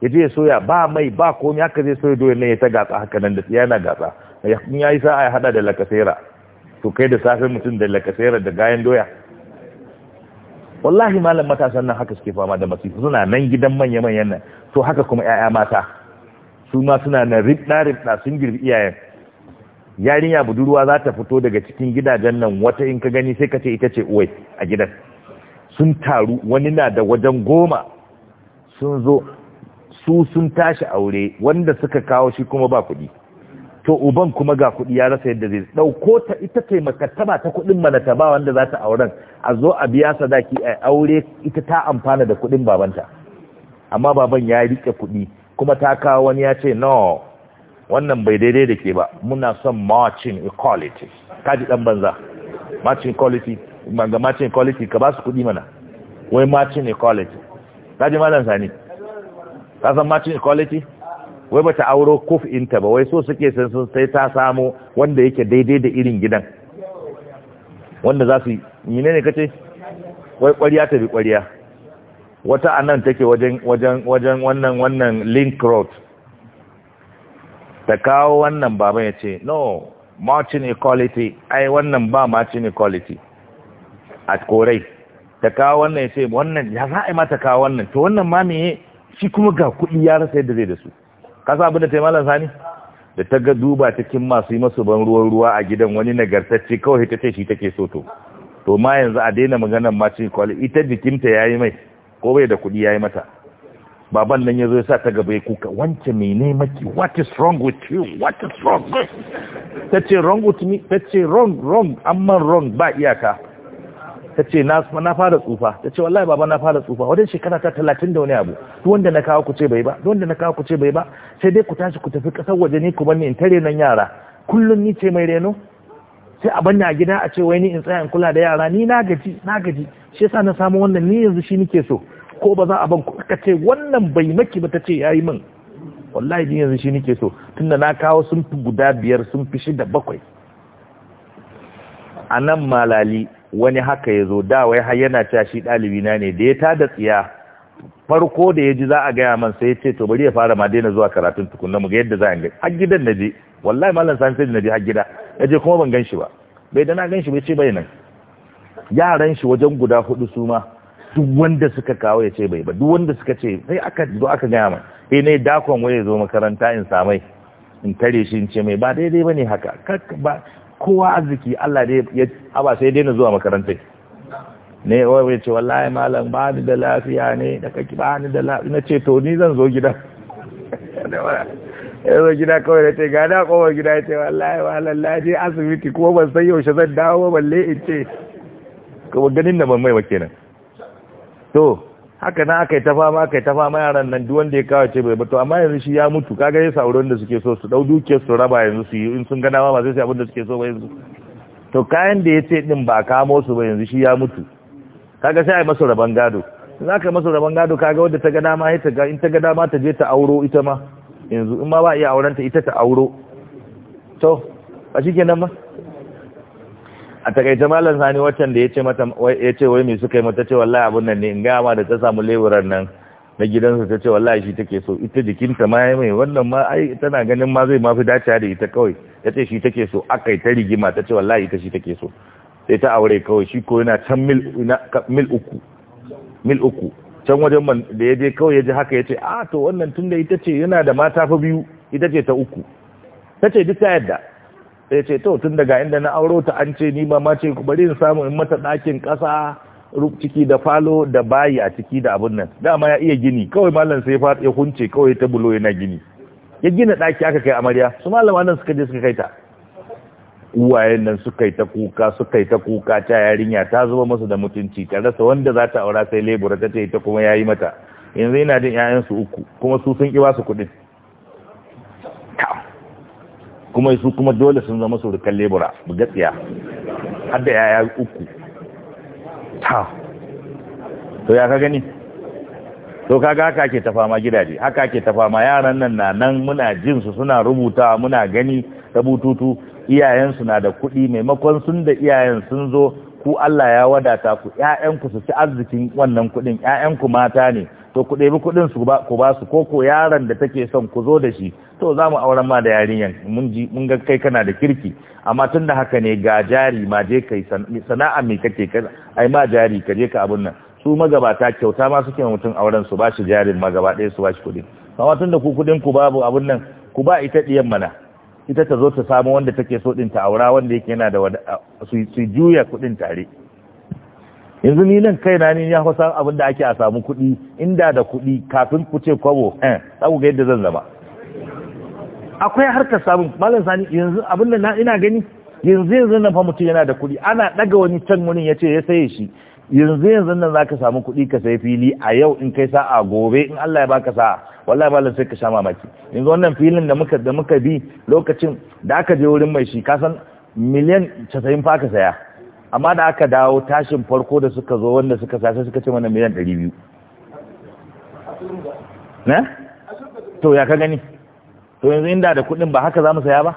ya je ya soya ba mai ba komai haka zai soya doya nan ya ta gatsa haka nan da yana gatsa in ya yi sa'a ya hada da lakasera to kai da safe mutum da lakasera da gayan doya wallahi malam matasan nan haka suke fama da masifu suna nan gidan manya-manyan nan to haka kuma 'ya'ya mata su ma suna na ribɗa ribɗa sun girbi iyayen yarinya budurwa za ta fito daga cikin gidajen nan wata in ka gani sai ka ce ita ce uwai a gidan sun taru wani na da wajen goma sun zo su sun tashi aure wanda suka kawo shi kuma ba kuɗi to uban kuma ga kuɗi ya rasa yadda zai ɗauko ta ita ce makattaba ta kuɗin mana ta ba wanda za ta auren a zo a biya sadaki a aure ita ta amfana da kuɗin babanta amma baban ya riƙe kuɗi kuma ta kawo wani ya ce no wannan bai daidai da ke ba muna son marching equality kaji dan banza marching equality ga marching equality ka ba su kudi mana wai marching equality kaji malam sani ka san marching equality wai bata auro kuf inta ba wai so suke san sun sai ta samu wanda yake daidai da irin gidan wanda za su yi ne kace wai kwariya ta bi kwariya wata anan take wajen wajen wajen wannan wannan link road ta kawo wannan baban ya ce no martin equality ai wannan ba martin equality a korai ta kawo wannan ya ce wannan ya za a yi mata kawo wannan to wannan ma meye shi kuma ga kuɗi ya rasa yadda zai da su kasa abin da ta yi malar sani da ta ga duba cikin masu yi masu ban ruwan ruwa a gidan wani nagartacce kawai ta ce shi take so to to ma yanzu a daina maganar margin equality ita jikinta ya yi mai ko bai da kudi yayi mata baban nan ya zo ya sa ta gaba ya kuka wance ne maki what is wrong with you what is wrong ta ce wrong with me ta ce wrong wrong amma wrong ba iyaka ta ce na fara tsufa ta ce wallahi baba na fara tsufa wajen shekara ta talatin da wani abu duk wanda na kawo ku ce bai ba duk wanda na kawo ku ce bai ba sai dai ku tashi ku tafi kasar waje ne ku bar ni in tare nan yara kullum ni ce mai reno sai a banya a gida a ce wai ni in tsaya in kula da yara ni na gaji na gaji shi yasa na samu wannan ni yanzu shi nike so ko ba za a ban ka ce wannan bai maki ba ta ce ya yi min wallahi din yanzu shi nake so Tun da na kawo sun fi guda biyar sun fi shida bakwai a nan malali wani haka ya zo da wai har yana cewa shi na ne da ya tada tsiya farko da ya ji za a gaya man sai ya ce to bari ya fara ma daina zuwa karatun tukunna mu ga yadda za a ga har gidan na je wallahi mallan san sai na je har gida ya je kuma ban gan shi ba bai da na gan shi bai ce bai nan yaran shi wajen guda hudu su ma duk wanda suka kawo ya ce bai ba duk wanda suka ce sai aka zo aka gaya mai sai eh, ne dakon waye zo makaranta in samai in tare shi in ce mai ba daidai bane haka ba kowa arziki Allah dai ya aba sai daina zuwa makaranta ne wai ce wallahi malam ba ni da lafiya ne da kake ba ni da lafiya na ce to ni zan zo gida ya zo gida kawai da ce ga da gida ya ce wallahi lallai laje asibiti kuma ban san yaushe zan dawo balle in ce kuma ganin da ban mai ba kenan to haka na aka yi ta fama aka yi ta fama yaran nan duk wanda ya kawo ce bai to amma yanzu shi ya mutu kaga ya sauran da suke so su dau dukiyar su raba yanzu su yi in sun ga dama ba sai su abin da suke so ba yanzu to kayan da ya ce din ba kamo su ba yanzu shi ya mutu kaga sai ai yi masa raban gado za ka masa raban gado kaga wanda ta ga dama ita ga in ta ga dama ta je ta auro ita ma yanzu in ma ba iya auren ta ita ta auro to ba shikenan ma a takaice malam sani waccan da ce mata ce wai me suka yi mata ce wallahi abun nan ne in ga ma da ta samu leburan nan na gidansa ta ce wallahi shi take so ita jikinta ma mai wannan ma ai tana ganin ma zai ma fi dacewa da ita kawai ta ce shi take so aka yi ta rigima ta ce wallahi ita shi take so sai ta aure kawai shi ko yana can mil uku mil uku can wajen man da ya je kawai ya ji haka ya ce a ah, to wannan tun da ita ce yana da mata fa biyu ita ce ta uku ta ce duk ta yadda sai ce to tun daga inda na auro ta an ce ni ba ma ce bari in samu in mata ɗakin ƙasa ciki da falo da bayi a ciki da abin nan dama ya iya gini kawai malam sai ya hunce kawai ta bulo yana gini ya gina ɗaki aka kai amarya su malama nan suka je suka kai ta uwayen nan suka yi ta kuka suka yi ta kuka ta yarinya ta zuba masa da mutunci ta rasa wanda za ta aura sai lebura ta ce ta kuma ya yi mata yanzu yana jin 'ya'yansu uku kuma su sun ƙi ba su kuɗin kuma su kuma dole sun zama surukan lebura gatsiya hadda ya yi uku ta to ya ka gani to kaga haka ke ta fama gidaje haka ke ta fama yaran nan na nan muna jin su suna rubuta muna gani rubututu iyayensu na da kuɗi maimakon sun da iyayen sun zo ku Allah ya wadata ku ƴaƴanku su ci arzikin wannan kuɗin ƴaƴanku mata ne to ku ɗebi kuɗin su ku ba su ko ko yaron da take son ku zo da shi to za mu auren ma da yarinyan mun ji mun ga kai kana da kirki amma tun da haka ne ga jari ma je kai sana'a mai kake ka ai ma jari ka je ka abun nan su magabata kyauta ma suke mutum auren su ba shi jarin gaba ɗaya su ba shi kuɗi amma tun da ku kuɗin ku babu abun nan ku ba ita ɗiyan mana ita ta zo ta samu wanda take so ɗin ta aura wanda yake yana da su juya kuɗin tare yanzu ni nan kai na ni ya hausa abin da ake a samu kuɗi inda da kuɗi kafin ku ce kwabo eh za ga yadda zan zama akwai harkar samun malam sani yanzu abin da ina gani yanzu yanzu nan fa mutum yana da kuɗi ana ɗaga wani can wani ya ce ya saye shi yanzu yanzu nan za ka samu kuɗi ka sayi fili a yau in kai sa'a gobe in Allah ya baka sa'a wallahi malam sai ka sha mamaki yanzu wannan filin da muka bi lokacin da aka je wurin mai shi kasan miliyan 90 fa ka saya amma da aka dawo tashin farko da suka zo wanda suka sasa suka ce mana miliyan 200 na? to ya ka gani to yanzu inda da kudin ba haka za mu saya ba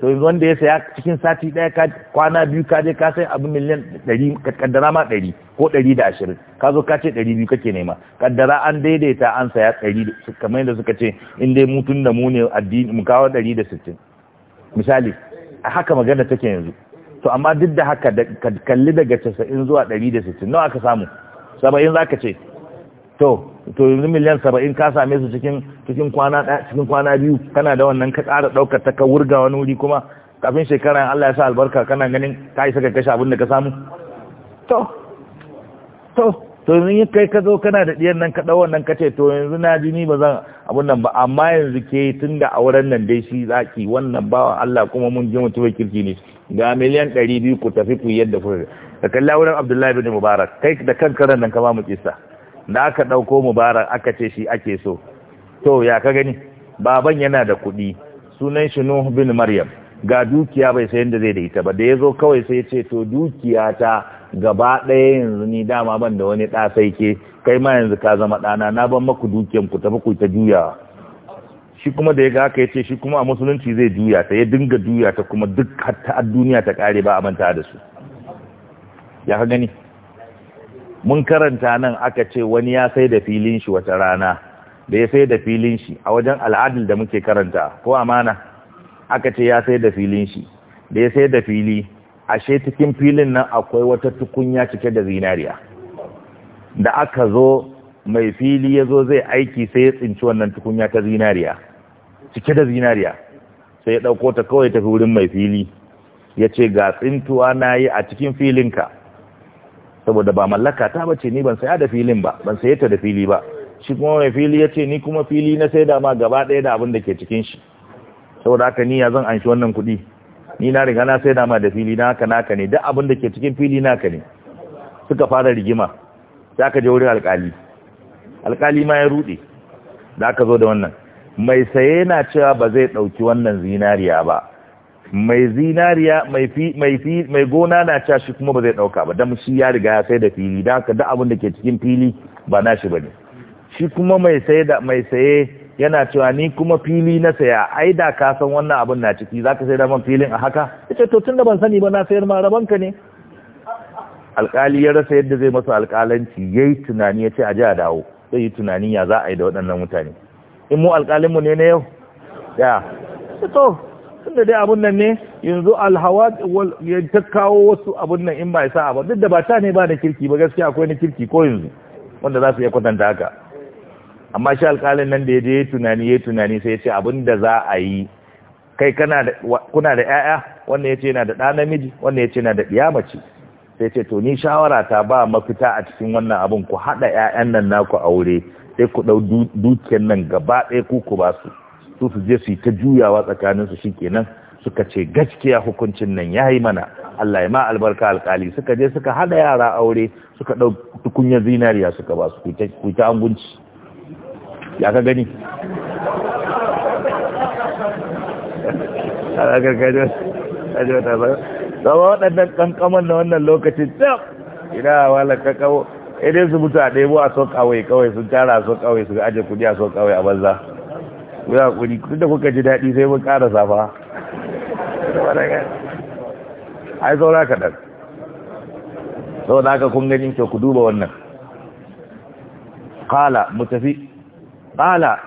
to yanzu wanda ya saya cikin sati daya kwana biyu ka je ka sai abu miliyan 100 kaddara ma 100 ko 120 ka zo ka ce 200 kake nema kaddara an daidaita an saya 100 kamar yadda suka ce in dai mutun da mu ne addini mu kawo 160 misali a haka magana take yanzu to amma duk da haka da kalli daga 90 zuwa 160 nawa aka samu 70 zaka ce to to yanzu miliyan 70 ka same su cikin cikin kwana ɗaya cikin kwana biyu kana da wannan ka ƙara ɗaukar ta ka wurga wani wuri kuma kafin shekara Allah ya sa albarka kana ganin ka isa ka kashe abin da ka samu to to to yanzu kai ka zo kana da ɗiyan nan ka ɗau wannan ka ce to yanzu na ji ni ba zan abun nan ba amma yanzu ke tun da auren nan dai shi zaki wannan bawa Allah kuma mun ji mutuwa kirki ne ga miliyan ɗari biyu ku tafi ku yadda ku ka kalla wurin Abdullahi bin Mubarak kai da karan nan kama mu kisa da aka dauko Mubarak aka ce shi ake so to ya ka gani baban yana da kuɗi sunan shi Nuh bin Maryam ga dukiya bai sayan da zai da ita ba da ya zo kawai sai ce to dukiya ta gaba ɗaya yanzu ni dama ban da wani ɗa sai ke kai ma yanzu ka zama ɗana na ban maku dukiyan ku tafi ku ta juyawa shi kuma da ya ga aka ya ce shi kuma a musulunci zai juya ta ya dinga juya ta kuma duk hatta duniya ta kare ba a manta da su ya ka gani mun karanta nan aka ce wani ya sai da filin shi wata rana da ya sai da filin shi a wajen al'adil da muke karanta ko amana aka ce ya sai da filin shi da ya sai da fili ashe cikin filin nan akwai wata tukunya cike da zinariya da aka zo mai fili ya zo zai aiki sai ya tsinci wannan tukunya ta zinariya cike da zinariya sai ya ɗauko ta kawai tafi wurin mai fili ya ce ga tsintuwa na yi a cikin filinka saboda ba mallaka ta bace ni ban saya da filin ba ban saye ta da fili ba shi kuma mai fili ya ce ni kuma fili na sai da gaba ɗaya da abin da ke cikin shi saboda haka ni ya zan anshi wannan kuɗi ni na riga na sai da da fili na haka naka ne duk abin da ke cikin fili naka ne suka fara rigima sai aka je wurin alƙali alƙali ma ya ruɗe da aka zo da wannan mai saye na cewa ba zai ɗauki wannan zinariya ba mai zinariya mai fi mai fi mai gona na cewa shi kuma ba zai ɗauka ba dan shi ya riga ya sai da fili dan haka duk abin da ke cikin fili ba shi bane shi kuma mai saye da mai saye yana cewa ni kuma fili na saya ai da ka san wannan abin na ciki zaka sai da man filin a haka yace to tunda ban sani ba na sayar ma rabanka ne alkali ya rasa yadda zai masa alkalanci yayi tunani yace a ji a dawo sai yi tunanin ya za a yi da waɗannan mutane in mu alƙalinmu ne na yau ya to da dai abun nan ne yanzu alhawa ya ta kawo wasu abun nan in ba ya sa'a ba duk da ba ta ne ba na kirki ba gaskiya akwai na kirki ko yanzu wanda za su iya kwatanta haka amma shi alƙalin nan da ya je ya tunani ya tunani sai ya ce abin da za a yi kai kana da kuna da ƴaƴa wanda ya ce yana da ɗa namiji wanda ya ce yana da ɗiya mace sai ce to ni shawara ta ba mafita a cikin wannan abin ku haɗa ƴaƴan nan naku aure sai ku ɗau dukiyar nan gaba ɗaya ku ku ba su su su je su yi ta juyawa tsakanin su shikenan suka ce gaskiya hukuncin nan ya yi mana Allah ya ma albarka alƙali suka je suka hada yara aure suka ɗau tukunyar zinariya suka ba su ku ta angunci ya ka gani ta zama waɗannan ƙanƙaman na wannan lokacin ina wa kakamo Idan su mutu a ɗebo a son kawai kawai sun tara a son kawai su ajiye kudi a son kawai a banza ku ya kudi da kuka ji daɗi sai mun ƙara safa ai saura kaɗan sau da aka kun ganin ku duba wannan kala mu tafi kala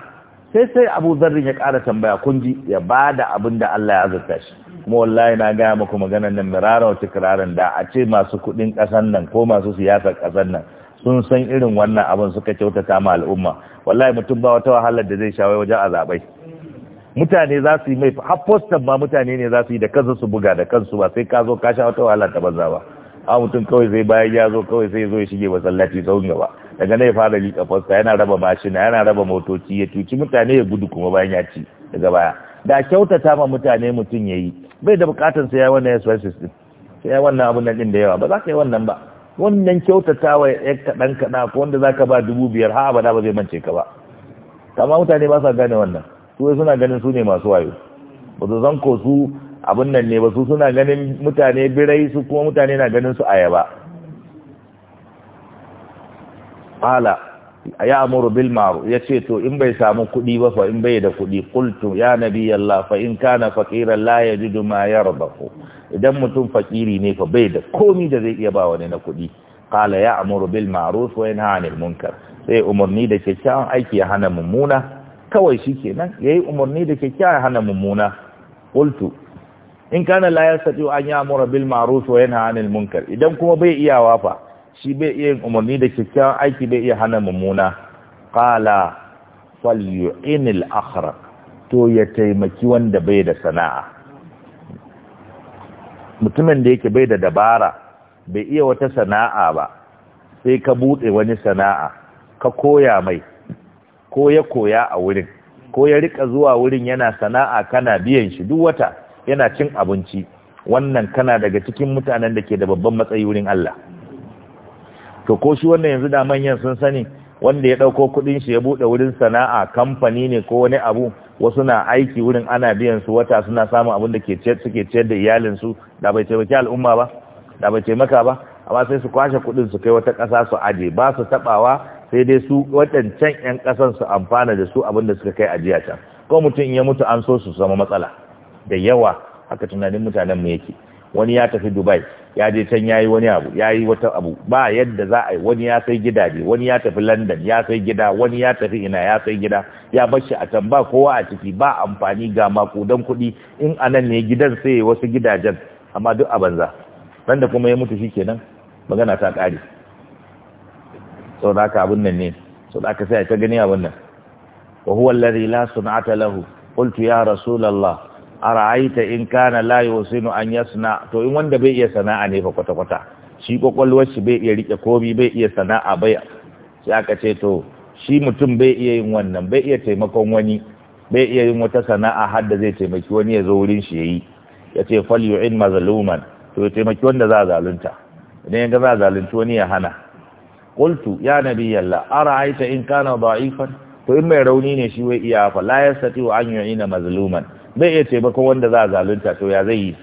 sai sai abu zarrin ya ƙara tambaya kun ji ya ba da abin da Allah ya azurta shi kuma wallahi na gaya muku maganan nan mirarar tikirarin da a ce masu kuɗin ƙasar nan ko masu siyasar ƙasar nan sun san irin wannan abin suka kyautata ma al'umma wallahi mutum ba wata wahalar da zai shawai wajen azabai mutane za su yi mai hafostan ma mutane ne za su yi da kansu su buga da kansu ba sai ka zo ka sha wata wahalar da banza ba a mutum kawai zai bayan ya zo kawai sai zo ya shige masallaci tsawon gaba daga nan ya fara liƙa fosta yana raba mashina yana raba motoci ya cuci mutane ya gudu kuma bayan ya ci daga baya da kyautata ma mutane mutum ya yi bai da bukatar sai ya wannan ya din sai ya wannan abun nan ɗin da yawa ba za ka yi wannan ba wannan kyautatawa ya kaɗan kaɗan ko wanda za ka ba dubu biyar ha abada ba zai mance ka ba ma mutane ba sa gane wannan su suna ganin su ne masu wayo ba su zan ko su abin nan ne ba su suna ganin mutane birai su kuma mutane na ganin su ayaba ala ya amuru bil ma'ruf yace to in bai samu kuɗi ba fa in bai da kuɗi qultu ya nabi Allah fa in kana faqiran la yajidu ma yarbahu idan mutum fakiri ne fa bai da komi da zai iya ba wani na kuɗi qala ya amuru bil ma'ruf wa yanha 'anil munkar sai umarni da kyakkyawan aiki ya hana mummuna kawai shikenan yayi umarni da kyakkyawan hana mummuna qultu in kana la yastati an ya'mura bil ma'ruf wa yanha 'anil munkar idan kuma bai iyawa fa shi bai iya umarni da kyakkyawan aiki bai iya hana mummuna qala falyu'inil akhra to ya taimaki wanda bai da sana'a mutumin da yake bai da dabara bai iya wata sana'a ba sai ka buɗe wani sana'a ka koya mai ko ya koya a wurin ko ya rika zuwa wurin yana sana'a kana biyan shi duk wata yana cin abinci wannan kana daga cikin mutanen da ke da babban matsayi wurin Allah to ko shi wannan yanzu da manyan sun sani wanda ya dauko kudin shi ya bude wurin sana'a kamfani ne ko wani abu wasu na aiki wurin ana biyan su wata suna samun abin da ke ciyar suke ce da iyalin su da bai taimaki al'umma ba da bai taimaka ba amma sai su kwashe kudin su kai wata kasa su aje ba su tabawa sai dai su wadancan yan kasan su amfana da su abin da suka kai ajiya ta ko mutum ya mutu an so su zama matsala da yawa haka tunanin mutanen mu yake wani ya tafi Dubai ya je can ya yi wani abu ya yi wata abu ba yadda za a yi wani ya sai gidaje wani ya tafi london ya sai gida wani ya tafi ina ya sai gida ya bashi a can ba kowa a ciki ba amfani ga makudan kuɗi in anan ne gidan sai wasu gidajen amma duk a banza nan da kuma ya mutu shi kenan magana ta ƙare sau da aka abin nan ne sau da aka sai ta gani abin nan wa huwa alladhi la sun'ata lahu qultu ya a in kana la yusinu an yasna to in wanda bai iya sana'a ne fa kwata kwata shi kwakwalwar shi bai iya rike komi bai iya sana'a bai sai aka ce to shi mutum bai iya yin wannan bai iya taimakon wani bai iya yin wata sana'a har da zai taimaki wani ya zo wurin shi yayi ya ce fal yu'in mazluman to ya taimaki wanda za zalunta idan ga za zalunci wani ya hana qultu ya yalla ara'aita in kana da'ifan to in mai rauni ne shi wai iya fa la yastati an yu'ina mazluman bai iya taimako wanda za a zalunta to ya zai yi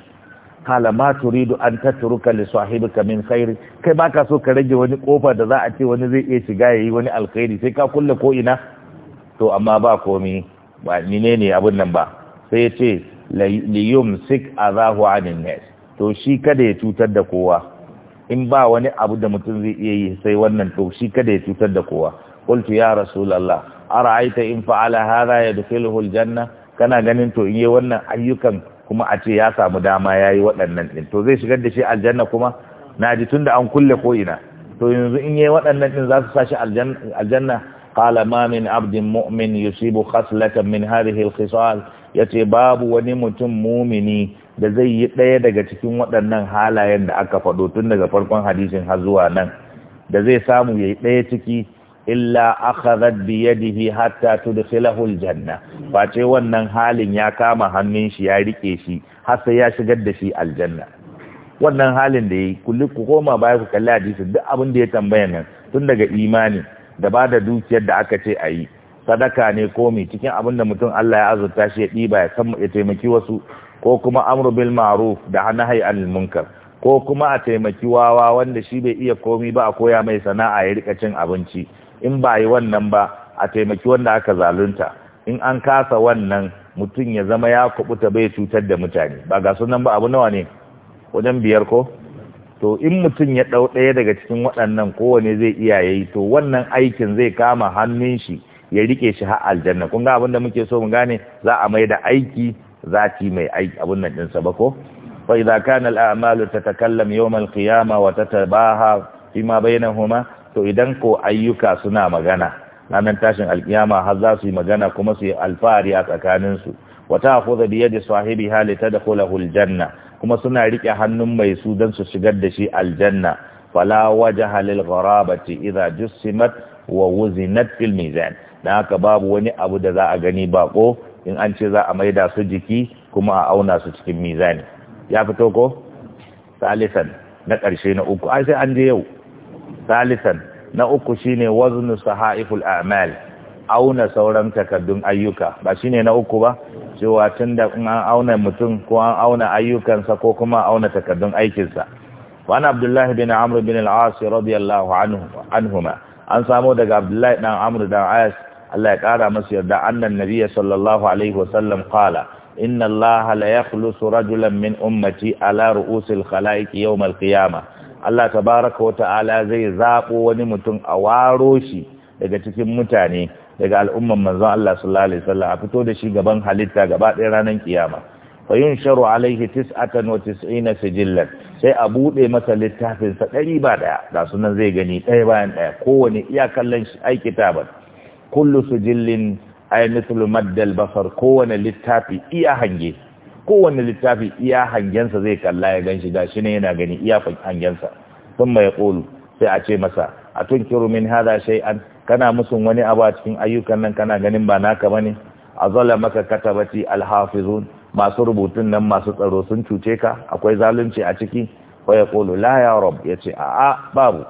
kala ma turidu an tatruka li sahibika min khair kai baka so ka rage wani kofa da za a ce wani zai iya shiga yi wani alkhairi sai ka kulle ko ina to amma ba komi ba menene abun nan ba sai ya ce li yumsik azahu anin nas to shi kada ya cutar da kowa in ba wani abu da mutum zai iya yi sai wannan to shi kada ya cutar da kowa qultu ya rasulullah ara'aita in fa'ala hadha yadkhiluhu janna. kana ganin to in yi wannan ayyukan kuma a ce ya samu dama ya yi waɗannan ɗin to zai shigar da shi aljanna kuma na ji tun da an kulle ko ina, to yanzu in yi waɗannan ɗin za su sa shi aljanna qala ma min abdin mu'min yusibu khaslatan min hadhihi al-khisal yace babu wani mutum mumini da zai yi ɗaya daga cikin waɗannan halayen da aka faɗo tun daga farkon hadisin har zuwa nan da zai samu yayi ɗaya ciki illa akhadhat bi yadihi hatta tudkhilahu aljanna ce wannan halin ya kama hannun shi ya rike shi har sai ya shigar da shi aljanna wannan halin da yi kullu ku koma baya ku kalli hadisi duk abin da ya tambaya nan tun daga imani da ba da dukiyar da aka ce a yi sadaka ne komi cikin abin da mutum Allah ya azurta shi ya ɗiba ya san ya taimaki wasu ko kuma amru bil ma'ruf da nahyi anil munkar ko kuma a taimaki wawa wanda shi bai iya komi ba a koya mai sana'a ya rika cin abinci in ba yi wannan ba a taimaki wanda aka zalunta in an kasa wannan mutum ya zama ya kubuta bai cutar da mutane ba ga sunan ba abu nawa ne wajen biyar ko to in mutum ya ɗau daya daga cikin waɗannan kowane zai iya yayi to wannan aikin zai kama hannun shi ya rike shi har aljanna kun ga abin da muke so mu gane za a mai da aiki zati mai aiki abin nan ɗinsa ba ko fa idza kana al a'malu tatakallam yawm al qiyamah wa tatabaha ma bainahuma to idan ko ayyuka suna magana ranar tashin alkiyama har za su yi magana kuma su yi alfahari a tsakaninsu wata hafuza biya da sahibi halita da kula huljanna kuma suna riƙe hannun mai su don su shigar da shi aljanna fala waje halil gharabati idza jussimat wa wuzinat fil mizan dan haka babu wani abu da za a gani bako in an ce za a maida su jiki kuma a auna su cikin mizani ya fito ko salisan na ƙarshe na uku ai sai an je yau salisan na uku shine waznu sahaiful a'mal auna sauran takaddun ayyuka ba shine na uku ba cewa tunda an auna mutum ko an auna ayyukansa ko kuma auna takaddun aikinsa wa ana abdullahi bin amr bin al-as radiyallahu anhu anhuma an samo daga abdullahi dan amr dan as Allah ya kara masa yarda annan nabiyyi sallallahu alaihi wasallam qala inna allaha la yakhlusu rajulan min ummati ala ru'usil khalaiq yawm al-qiyamah Allah tabaraka wa ta'ala zai zaɓo wani mutum a waro shi daga cikin mutane daga al'umman manzon Allah sallallahu alaihi wasallam a fito da shi gaban halitta gaba ɗaya ranar kiyama fa yunsharu alaihi tis'atan wa tis'ina sijillan sai a buɗe masa littafinsa ɗari ba ɗaya da sunan zai gani ɗaya bayan ɗaya kowane iya kallon shi ai kitabar kullu sijillin ay mithlu maddal basar kowane littafi iya hange kowanne littafi iya hangensa zai kalla ya gan ganshi gashi ne yana gani iya hangensa mai ƙulu sai a ce masa a kiro min shai an kana musun wani abu a cikin ayyukan nan kana ganin ba na naka bane azala maka katabati alhafizun masu rubutun nan masu tsaro sun cuce ka akwai zalunci a ciki waya ƙulu la ya rob yace a a babu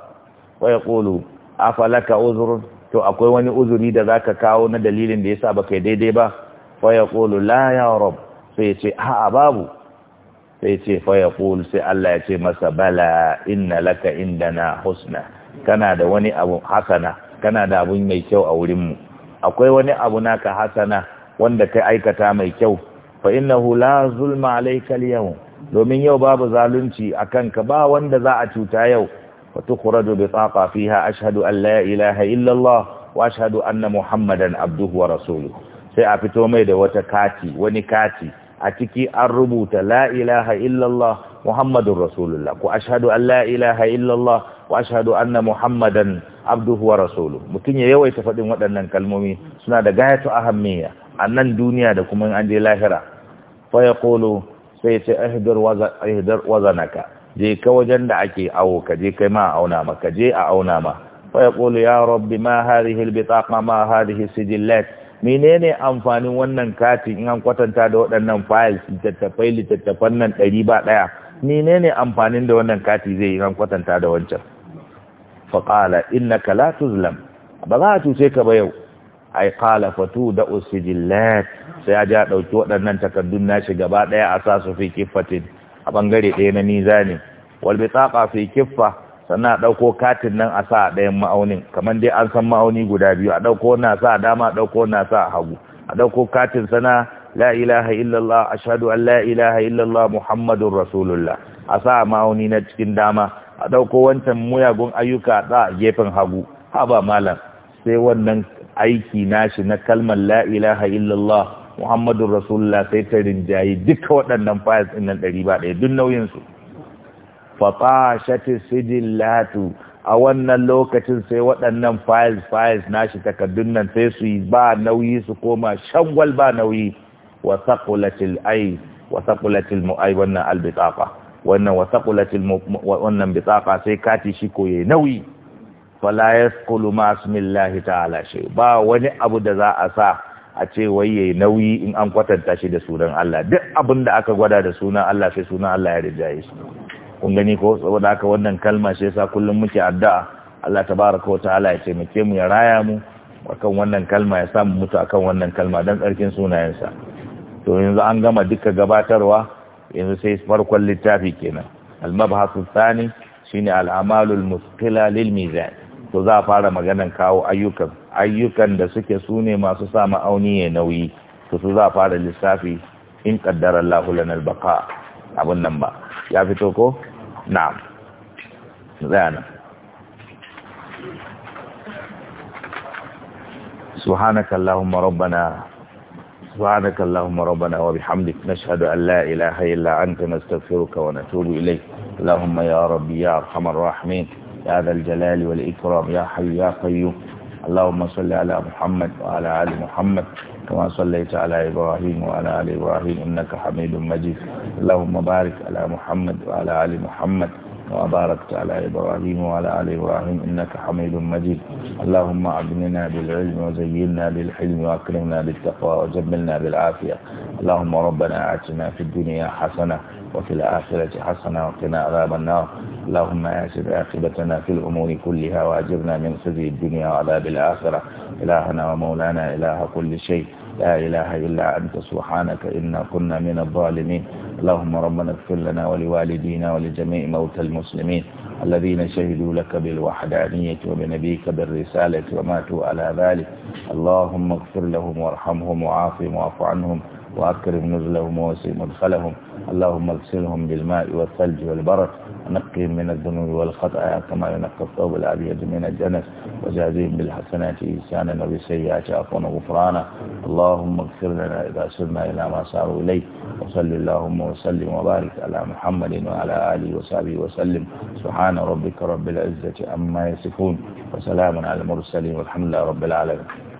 ƙulu a falaka uzurun to akwai wani uzuri da zaka kawo na dalilin da yasa baka daidai ba waya ƙulu la ya rob sai ce a'a babu sai ce fa ya sai Allah ya ce masa bala inna laka indana husna kana da wani abu hasana kana da abun mai kyau a wurin mu. akwai wani abu naka hasana wanda kai aikata mai kyau fa innahu la zulma alayka al domin yau babu zalunci akan ka ba wanda za a cuta yau fa tukhraju bi taqa fiha ashhadu an la ilaha illa Allah wa ashhadu anna muhammadan abduhu wa rasuluhu sai a fito mai da wata kati wani kati a ciki an rubuta la ilaha illallah muhammadun rasulullah a shahadu an la ilaha illallah shahadu an anna muhammadan abduhu wa mutum ya yawaita faɗin waɗannan kalmomi suna da gayatu ahammiya a nan duniya da kuma an je lahira fa kolo sai ce ahidar wazanaka je ka wajen da ake awo ka je kai ma a auna maka je a auna ma fa kolo ya rabbi ma hadhihi bitaqa ma hadhihi sijillat menene amfanin wannan katin in an kwatanta da waɗannan files littattafai littattafan nan ɗari ba ɗaya menene amfanin da wannan kati zai yi an kwatanta da wancan faƙala ka la tuzlam ba za a cuce ka ba yau ai ƙala fatu da usijillat sai ya ja ɗauki waɗannan takardun nashi gaba ɗaya a sa su fi kiffatin a ɓangare ɗaya na niza ne wal fi kiffa sannan a ɗauko katin nan a sa a ɗayan ma'aunin kamar dai an san ma'auni guda biyu a ɗauko na sa a dama a ɗauko na sa a hagu a ɗauko katin sana la ilaha illallah ashhadu an la ilaha illallah muhammadun rasulullah a sa ma'auni na cikin dama a ɗauko wancan muyagun ayyuka a gefen hagu haba malam sai wannan aiki nashi na kalmar la ilaha illallah muhammadun rasulullah sai ta rinjayi duka waɗannan fayas ɗin nan ɗari ba ɗaya duk nauyinsu fatashati sijillatu a wannan lokacin sai waɗannan files files nashi takardun nan sai su yi ba nauyi su koma shangwal ba nauyi wa saqulatil ay wa mu'ay wannan albitaqa wannan wa saqulatil wannan bitaqa sai kati shi ko nauyi fala yasqulu ma asmillahi ta'ala shi ba wani abu da za a sa a ce wai yayi nauyi in an kwatanta shi da sunan Allah duk abin da aka gwada da sunan Allah sai sunan Allah ya rijaye shi kun gani ko saboda haka wannan kalma shi yasa kullum muke addu'a Allah tabaraka wa ta'ala ya taimake mu ya raya mu akan wannan kalma ya samu mutu akan wannan kalma dan tsarkin sunayensa to yanzu an gama duka gabatarwa yanzu sai farkon littafi kenan al-mabhasu thani shine al-amalul mustila lil mizan to za a fara maganan kawo ayyukan ayyukan da suke sune masu sa auni ya nauyi to su za a fara lissafi in qaddara Allahu lana al-baqa abun nan ba ya fito ko na'am zana سبحانك اللهم ربنا سبحانك اللهم ربنا وبحمدك نشهد أن لا إله إلا أنت نستغفرك ونتوب إليك اللهم يا ربي يا أرحم الراحمين يا ذا الجلال والإكرام يا حي يا قيوم اللهم صل على محمد وعلى آل محمد كما صليت على إبراهيم وعلى آل إبراهيم إنك حميد مجيد اللهم بارك على محمد وعلى آل محمد وباركت على إبراهيم وعلى آل إبراهيم إنك حميد مجيد اللهم أغننا بالعلم وزينا بالحلم وأكرمنا بالتقوى وجملنا بالعافية اللهم ربنا آتنا في الدنيا حسنة وفي الآخرة حسنة وقنا عذاب النار اللهم آسف عاقبتنا في الأمور كلها وأجرنا من خزي الدنيا وعذاب الآخرة إلهنا ومولانا إله كل شيء لا إله إلا أنت سبحانك إنا كنا من الظالمين اللهم ربنا اغفر لنا ولوالدينا ولجميع موتى المسلمين الذين شهدوا لك بالوحدانية وبنبيك بالرسالة وماتوا على ذلك اللهم اغفر لهم وارحمهم وعافهم واعف عنهم وأكرم نزلهم ووسع مدخلهم اللهم اغسلهم بالماء والثلج والبرد نقي من الذنوب والخطايا كما ينقى الثوب الأبيض من الجنس وجازهم بالحسنات إنسانا وبالسيئات عفوا وغفرانا اللهم اغفر لنا إذا سرنا إلى ما صاروا إليه وصل اللهم وسلم وبارك على محمد وعلى آله وصحبه وسلم سبحان ربك رب العزة عما يصفون وسلام على المرسلين والحمد لله رب العالمين